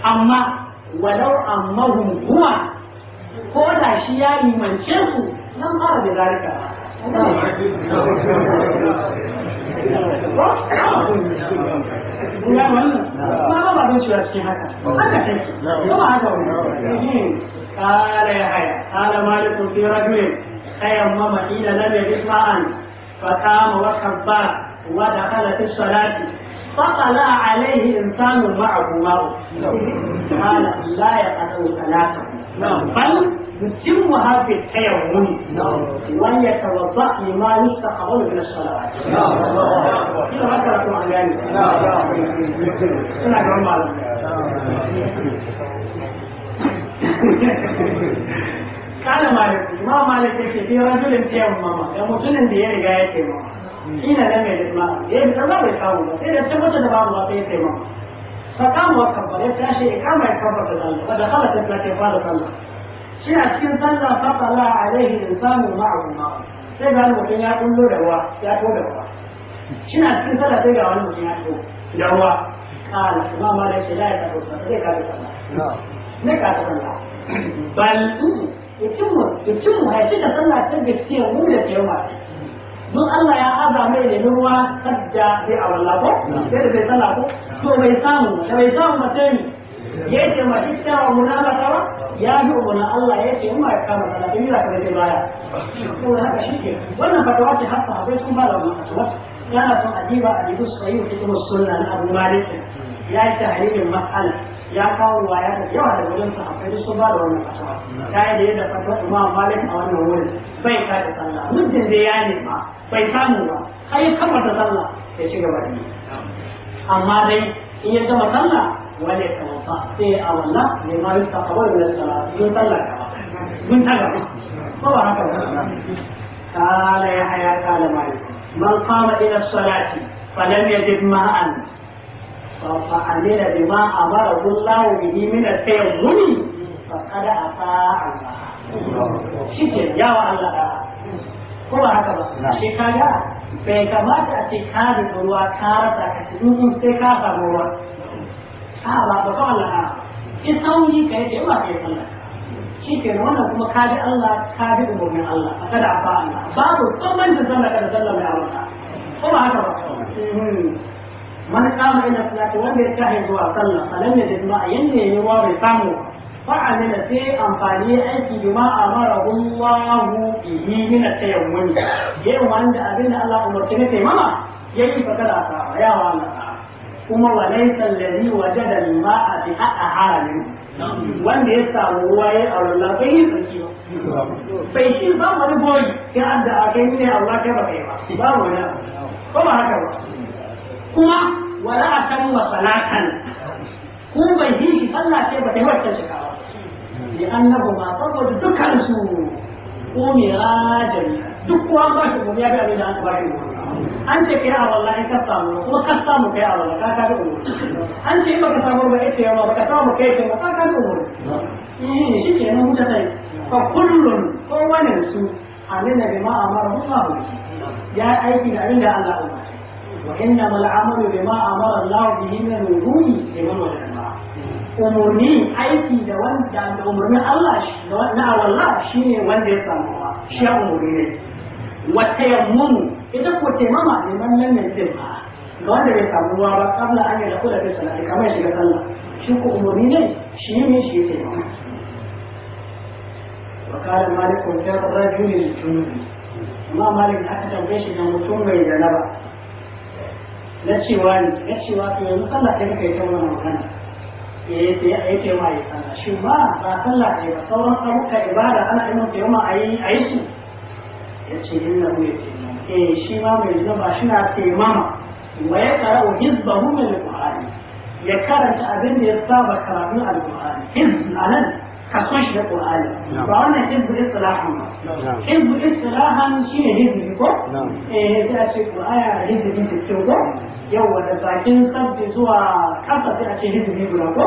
amma walau amma hunkuwa ko da shi ya limance su nan fara da zarika ba ba ba don cewa cikin haka haka ba haka wani تيمم حين لم يجد أن فقام وكبر ودخل في الصلاة فطلع عليه إنسان معه ماء قال لا يقطع ثلاثة نعم. بل يتمها في وان ويتوضأ لما يستقبل من الصلوات. نعم. إذا kana malik imam malik fi rajulin ta da mutumin da ya riga ya ce mama shi ne nan mai isma ya yi bai samu ba sai da tabbata da babu wata ya ce mama فقام وكبر يتاشي إقامة يكبر في الله فدخلت الكفارة صلى شيء أشكين صلى فطلع عليه إنسان معه الماء sai ga mutum ya kullo da ruwa ya da ruwa shina cikin sallah sai ga wani ya to da ruwa kala imam malik shi la ya ta to sai ta sallah mu ya cika sallah ta gaskiya mu da yawa don Allah ya aza mai da ruwa sadda sai a wallah ko sai da bai sallah ko to bai samu da bai samu ba sai ya ce ma shi ta wa mun Allah tawa ya bi mun Allah ya ce ma ka ma da illa ka da baya to haka shike wannan fatawa ce hatta bai sun ba da fatawa yana son adiba adibu sayyid ibn sunna na Abu Malik ya yi tahririn mas'ala ya kawo ya ta yawa da wajen sa akwai sun ba da wannan kasuwa. ta yi da yadda fatawa a malik a wannan wurin bai ka da sallah muddin zai ya nema bai samu ba har ya kammata sallah ya ci gaba da yi amma dai in ya gama sallah wani ya kamata sai a wannan ne ma yi wani da sallah yin sallah ba. mun ta gaba ko ba haka ba hayata da قال Man من قام الى Fa فلم yajid ma'an فعمل بما أمره الله به من التيمم فقد أطاع الله شكر يا الله ko ba haka ba shi kaga bai kamata a ce ka da ruwa ka rasa ka ci sai ka samu ruwa a ba ba ka Allah ki sauri ka yi ba kai sallah shi ke wannan kuma ka Allah ka bi umarnin Allah a kada a ba Allah babu tsammanin sallah da sallah mai amsa ko ba haka ba man kama ila salati wanda ya tahi zuwa sallah falam yajid ma yanne ne wa bai samu fa amila sai amfani aiki bima a Allahu bihi min at-tayammum yayin wanda abinda Allah umarci ne kai mama yayi fa kada ka ya wala kuma wa wanda ya samu ruwa ya aure Allah bai yi ba bai shi ba wani boyi sai adda akai ne Allah kai ba kai ba ba wani ko ba haka ba kuma wala a kan masalatan ko bai yi shi sallah ce ba ta yi wacce shikawa ne annabu ma saboda dukkan su ko me rajin duk kowa ba shi gobe ya ga abin da an ba shi an ce kai a wallahi ka samu kuma ka samu kai a wallahi ka ka ga umur an ce ka samu ba ita yawa ba ka samu kai ce ba ka ka da umur eh, shi ke nan mutata sai fa kullun wannan su amina bima amara ba ya aiki da abin da Allah ya وإنما العمل بما أمر الله به من الوجود لمن وجد الله umarni aiki da wanda da umarnin Allah na Allah shi ne wanda ya samu ba shi ya umarni ne wata yammun ita ko taimama neman nan ne zai ba ga wanda bai samu ruwa ba kabla an yi da kula da salati kamar shiga sallah shi ko umarni ne shi ne shi ya taimama wa kala malikun ta rajulil junubi amma malik aka tambaye shi da mutum mai da na ba. na cewa ne na cewa to yanzu sallah kai kai ta wannan magana eh sai ai ce ya sallah shi ba ba sallah kai ba sauran abuka ibada ana yin mutum ma ayi ayi su ya ce inna hu ya ce eh shi ma mai zuwa ba shi na ce mama wa ya qara'u hizbahu min al-qur'ani ya karanta abin da ya saba karatun al-qur'ani hizb anan kason shi da qur'ani ba wannan hizb istilahan ba hizb istilahan shi ne hizb ko eh sai a ce qur'ani hizb ne ko yau da bakin sabbi zuwa kasa sai a ce hizbi guda ko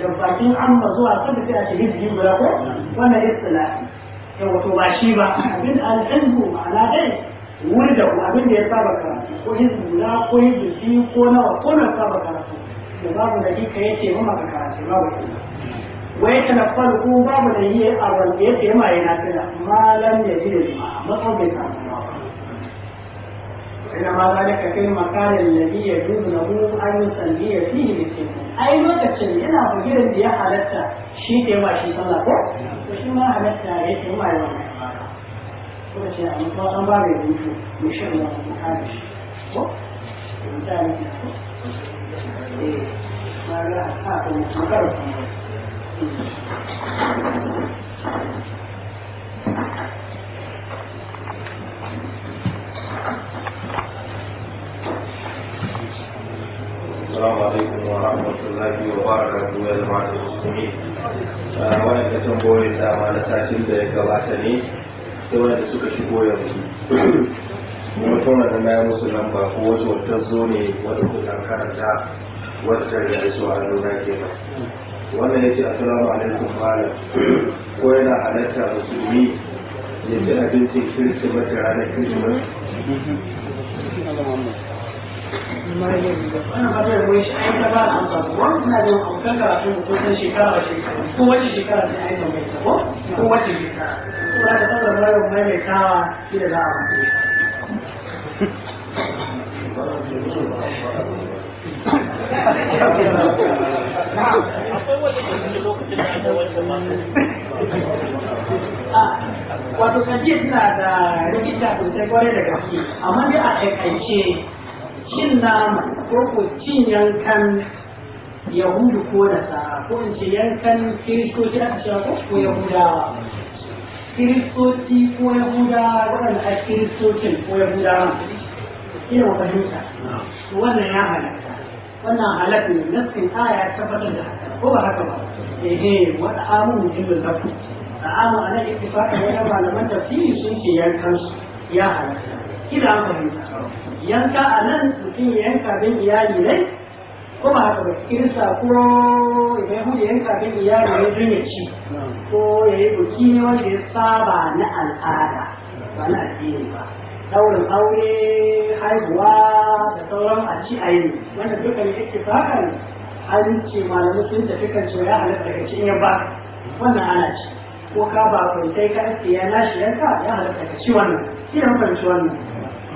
da bakin amma zuwa sabbi sai a ce hizbi guda ko wannan istilahi yau wato ba shi ba abin al'ilmu ala dai wuri da abin da ya saba karatu ko hizbi guda ko hizbi ko nawa ko na saba karatu da babu da kika yace mu maka karatu babu wai ta tanaffal ko babu da yi a wanda ya yace ma yana tsira? malam ya ji ma matsayin karatu إنما ذلك في المكان الذي يجوز له أن يصلي فيه بالسكون أي لوكacin yana bugirin da ya halatta shi ke ma shi sallah ko to shi ma halatta ya ke ma yawan ko ce a mutu an ba mai rubutu mu shi ne mu kare ma mu ورحمة الله وبركاته يا جماعة المسلمين وانا da ya gabata ne ta سواء suka شكو يومي mutumin da na yi musu nan ba ko wace wata zo ne wata kusan karanta wata tarihi su a nuna ke ba wannan ya ce asalamu alaikum malam ko yana halatta musulmi ya ji abincin kirsimeti ranar kirsimeti wannan fatar goyi shi ayyuka ba na amsa ko ina jin abokan karatu mu kusan shekara da shekara ko wace shekara sai ayyuka mai ta ko wace shekara ko za ka tsara bayan maimaitawa shi da za a ah, Wato kan suna da rikita sosai kwarai da gaske, amma dai a cin nama ko ko cin yankan yahudu ko nasara ko in ce yankan kiristoci aka cewa ko ko yahudawa kiristoci ko yahudawa waɗanda a kiristocin ko yahudawa ina wa fahimta wannan ya halatta wannan halatta ne nassin aya fata da haka ko ba haka ba ehe wata amu mutumin zafi a amu a nan ittifaqin wani malaman tafsiri sun ce yankan ya halatta kila an fahimta yanka a nan mutum ya yanka bin iyali ne ko ba haka ba kirsa ko ya ya hudu yanka bin iyali ne don ya ci ko ya yi buki ne wanda ya saba na al'ada ba na addini ba daurin aure haihuwa da sauran a ci a yi wanda dukkan yake fakan an ce malamu sun tafi kan cewa ya halatta daga ci in ba wannan ana ci ko ka ba kai ka ya nashi yanka ya halatta daga ci wannan sai an wannan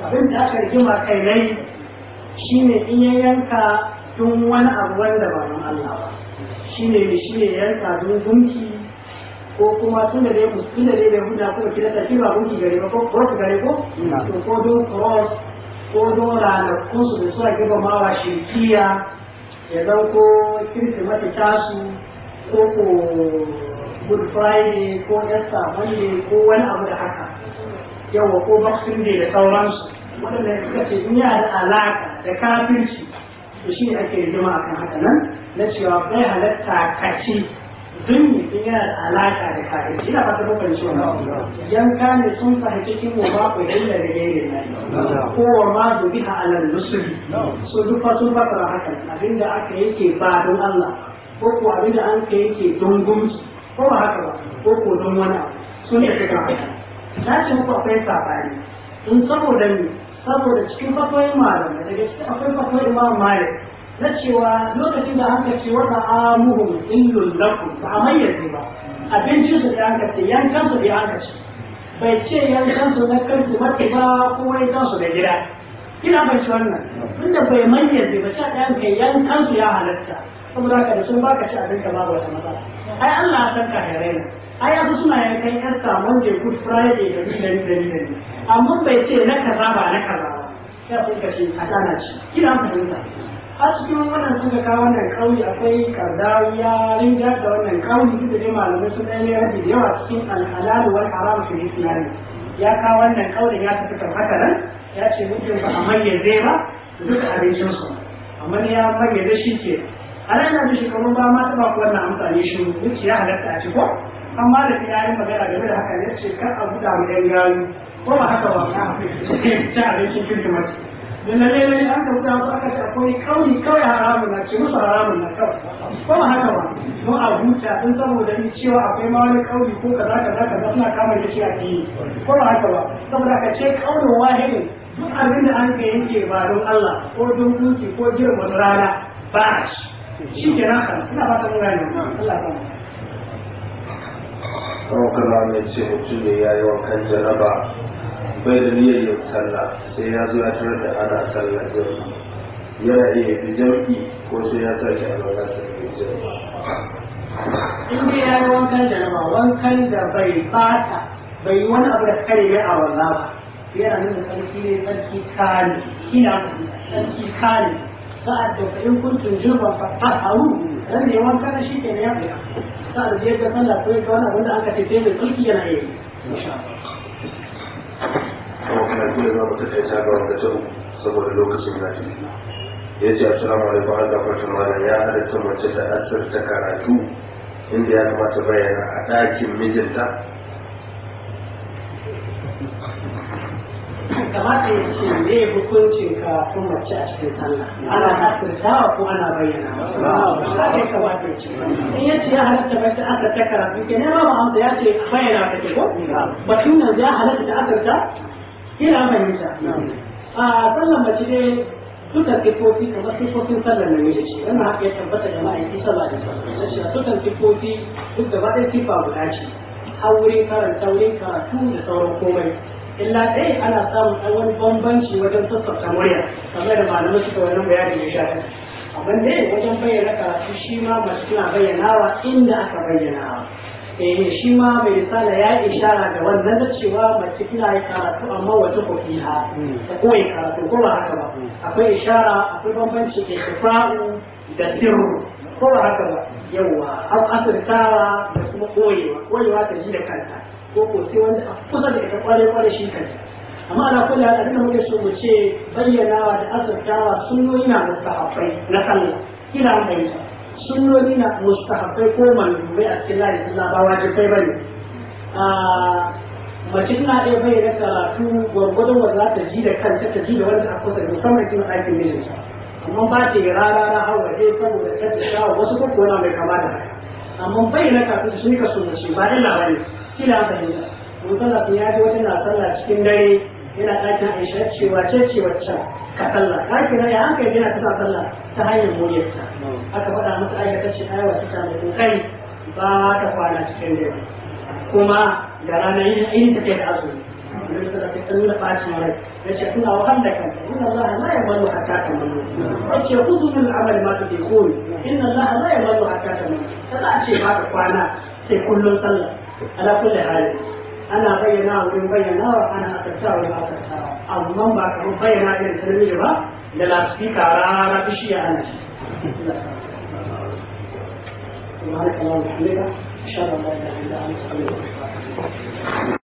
abin da aka rigima kai rai shine in ya yanka don wani abu wanda ba na Allah ba shine shi ne yanka don gunki ko kuma da dai musulmi da dai huda kuma kira ta shi ba gunki gare ba ko cross gare ko to ko don cross ko don ranar su da suka gaba mawa shirkiya ya zan ko mata tasu ko ko good friday ko yasta monday ko wani abu da haka yawa ko boxing day da sauransu waɗanda suka ce in ya da alaƙa da kafirci to shi ne ake rigima a kan haka nan na cewa bai halatta kaci dunyi in yana da alaƙa da kafirci ina fata kuka shi wannan yanka ne sun fahimci kin mu ba ku illa da gaire na ko wa ma dubi ha alal musulmi so duk fa fasara hakan abinda aka yake ba don Allah ko ko abinda an ka yake don gumki ko ba haka ba ko ko don wani abu sun yi suka haka na ce muku akwai sabani in saboda ni saboda cikin fatoyin malamai daga cikin akwai fatoyin imam malik na cewa lokacin da aka ce wata amuhum illul lakum ba a mayyaze ba abincin su da aka ce yankan su da aka ce bai ce yankan su na kansu mace ba ko yankan su da gida ina bai ci wannan tunda bai mayyaze ba sha ɗayan kai yankan su ya halatta saboda haka da sun baka ci abin ba babu wata matsala ai Allah ya san ka raina ai abu suna ya kai yarsa wanda ya good friday da ni gari gari gari amma bai ce na kaza ba na kaza ba ya sai ka ce ce kina fahimta a cikin wannan ga ka wannan kauye akwai kardawi ya rinja da wannan kauye duk da dai malamai sun ɗaya ne da yawa cikin alhalal wal haram fi islami ya ka wannan kauye ya tafi kan haka nan ya ce mutum ba a mayyaze ba duka abincinsu amma ya mayyaze shi ke a nan na shi kamar ba ma taɓa wannan amfani shi mutum ya halatta a ci ko Amma da ya yi magana game da haka ya ce kar a guda mu ɗan gayu ko ba haka ba ta na ci abincin kirkimas da na lele an ka guda su aka ce akwai kauni kawai haramun na ce musu haramun na kawai ko ba haka ba don a huta don saboda ni cewa akwai ma wani kauni ko kaza kaza kaza suna kama da shi a fiye ko ba haka ba saboda ka ce kaunin wahidin duk abin da an ka yanke ba don Allah ko don duki ko girman rana ba shi shi kenan ina ba ta mun gane Allah ya kuma kama mai ce mutum ne ya yi wankan jaraba, bai da niyyar yin sallah sai ya zo ya tarar da ana sallah jami'i yana iya yi jam'i, ko sai ya sake alwala sai ya jami'i in dai ya yi wankan jaraba, wankan da bai bata bai yi wani abu da kare ya a walla ba yana nuna sarki ne sarki kane ina sarki kane sa'ad da fa'in kuntun jirgin fa'a'u ran ne wankan shi ke ne ya sa da biyar ga sallah ko ka wani abin da aka ce sai mai kulki yana yi kuma kana kula da wata kai ta ga ta saboda lokacin da ya ce assalamu alaikum Allah kwatun malam ya halatta mace da asirta karatu inda ya kamata bayyana a ɗakin mijinta kamata ya ce me hukuncin ka karatun mace a cikin sallah ana asirtawa ko ana bayyana haka ya kamata ya ce in ya ce ya halatta mace asirta karatu ke nema ba amsa ya ce bayyana ta ke ko batun yanzu ya halatta ta asirta ina fahimta a sallan mace dai dukkan kifofi kamar kifofin sallar da yake shi wannan haka ya tabbata da ma'aiki sallah da sallah na cewa dukkan kifofi duk gaba ɗaya kifa guda ce a wurin karanta wurin karatu da sauran komai illa dai ana samun ɗan wani bambanci wajen sassauta murya kamar da malamai suka wani bayani ya shafi amma dai wajen bayyana karatu shi ma masu suna bayyanawa inda aka bayyanawa eh shi ma mai misala ya ishara da wannan da cewa mace tana yi karatu amma wata kofi ha da koyi karatu ko ba haka ba akwai ishara akwai bambanci ke shifa'u da sirru ko ba haka ba yawwa asirtawa da kuma koyewa koyewa ta ji da kanta ko ko sai wanda a kusa da ita kwarai kwarai shi kai amma ana kula da abin da muke so mu ce bayyanawa da azurtawa sunnoni na mustahabbai na sallah ina fahimta sunnoni na mustahabbai ko mandubai a cikin layi sallah ba wajibai bane ah, mace tana iya bayyana karatu gwargwadon wanda za ta ji da kanta ta ji da wanda a kusa musamman cikin aikin mijinta amma ba ta yi rara na hawa dai saboda ta ta shawo wasu kuma mai kama da haka amma bayyana kafin su yi ka sunace ba illa ba ne kila fahimta mun sallah ya ji wata na sallah cikin dare yana ɗakin aisha cewa ce ce wacce ka sallah ka kira ya hankali yana kasa sallah ta hanyar muryarta aka faɗa masa aisha ce ai wata ta mai kokari ba ta kwana cikin dare kuma da ranar yin yin take da azumi النبي صلى الله عليه وسلم قال شمالك يشكون وخلك إن الله لا يمل حتى تملوا أشي خذوا من العمل ما تدخول إن الله لا يمل حتى تملوا فلا شيء ما تقوانا سيكون له صلى على كل حال أنا بينا وإن بينا أنا أتساوي ما أتساوي أمم بكم بينا إن سلمي ما للاسبيك على ربشي أنا سبحانك اللهم وبحمدك أشهد أن لا إله إلا أنت أستغفرك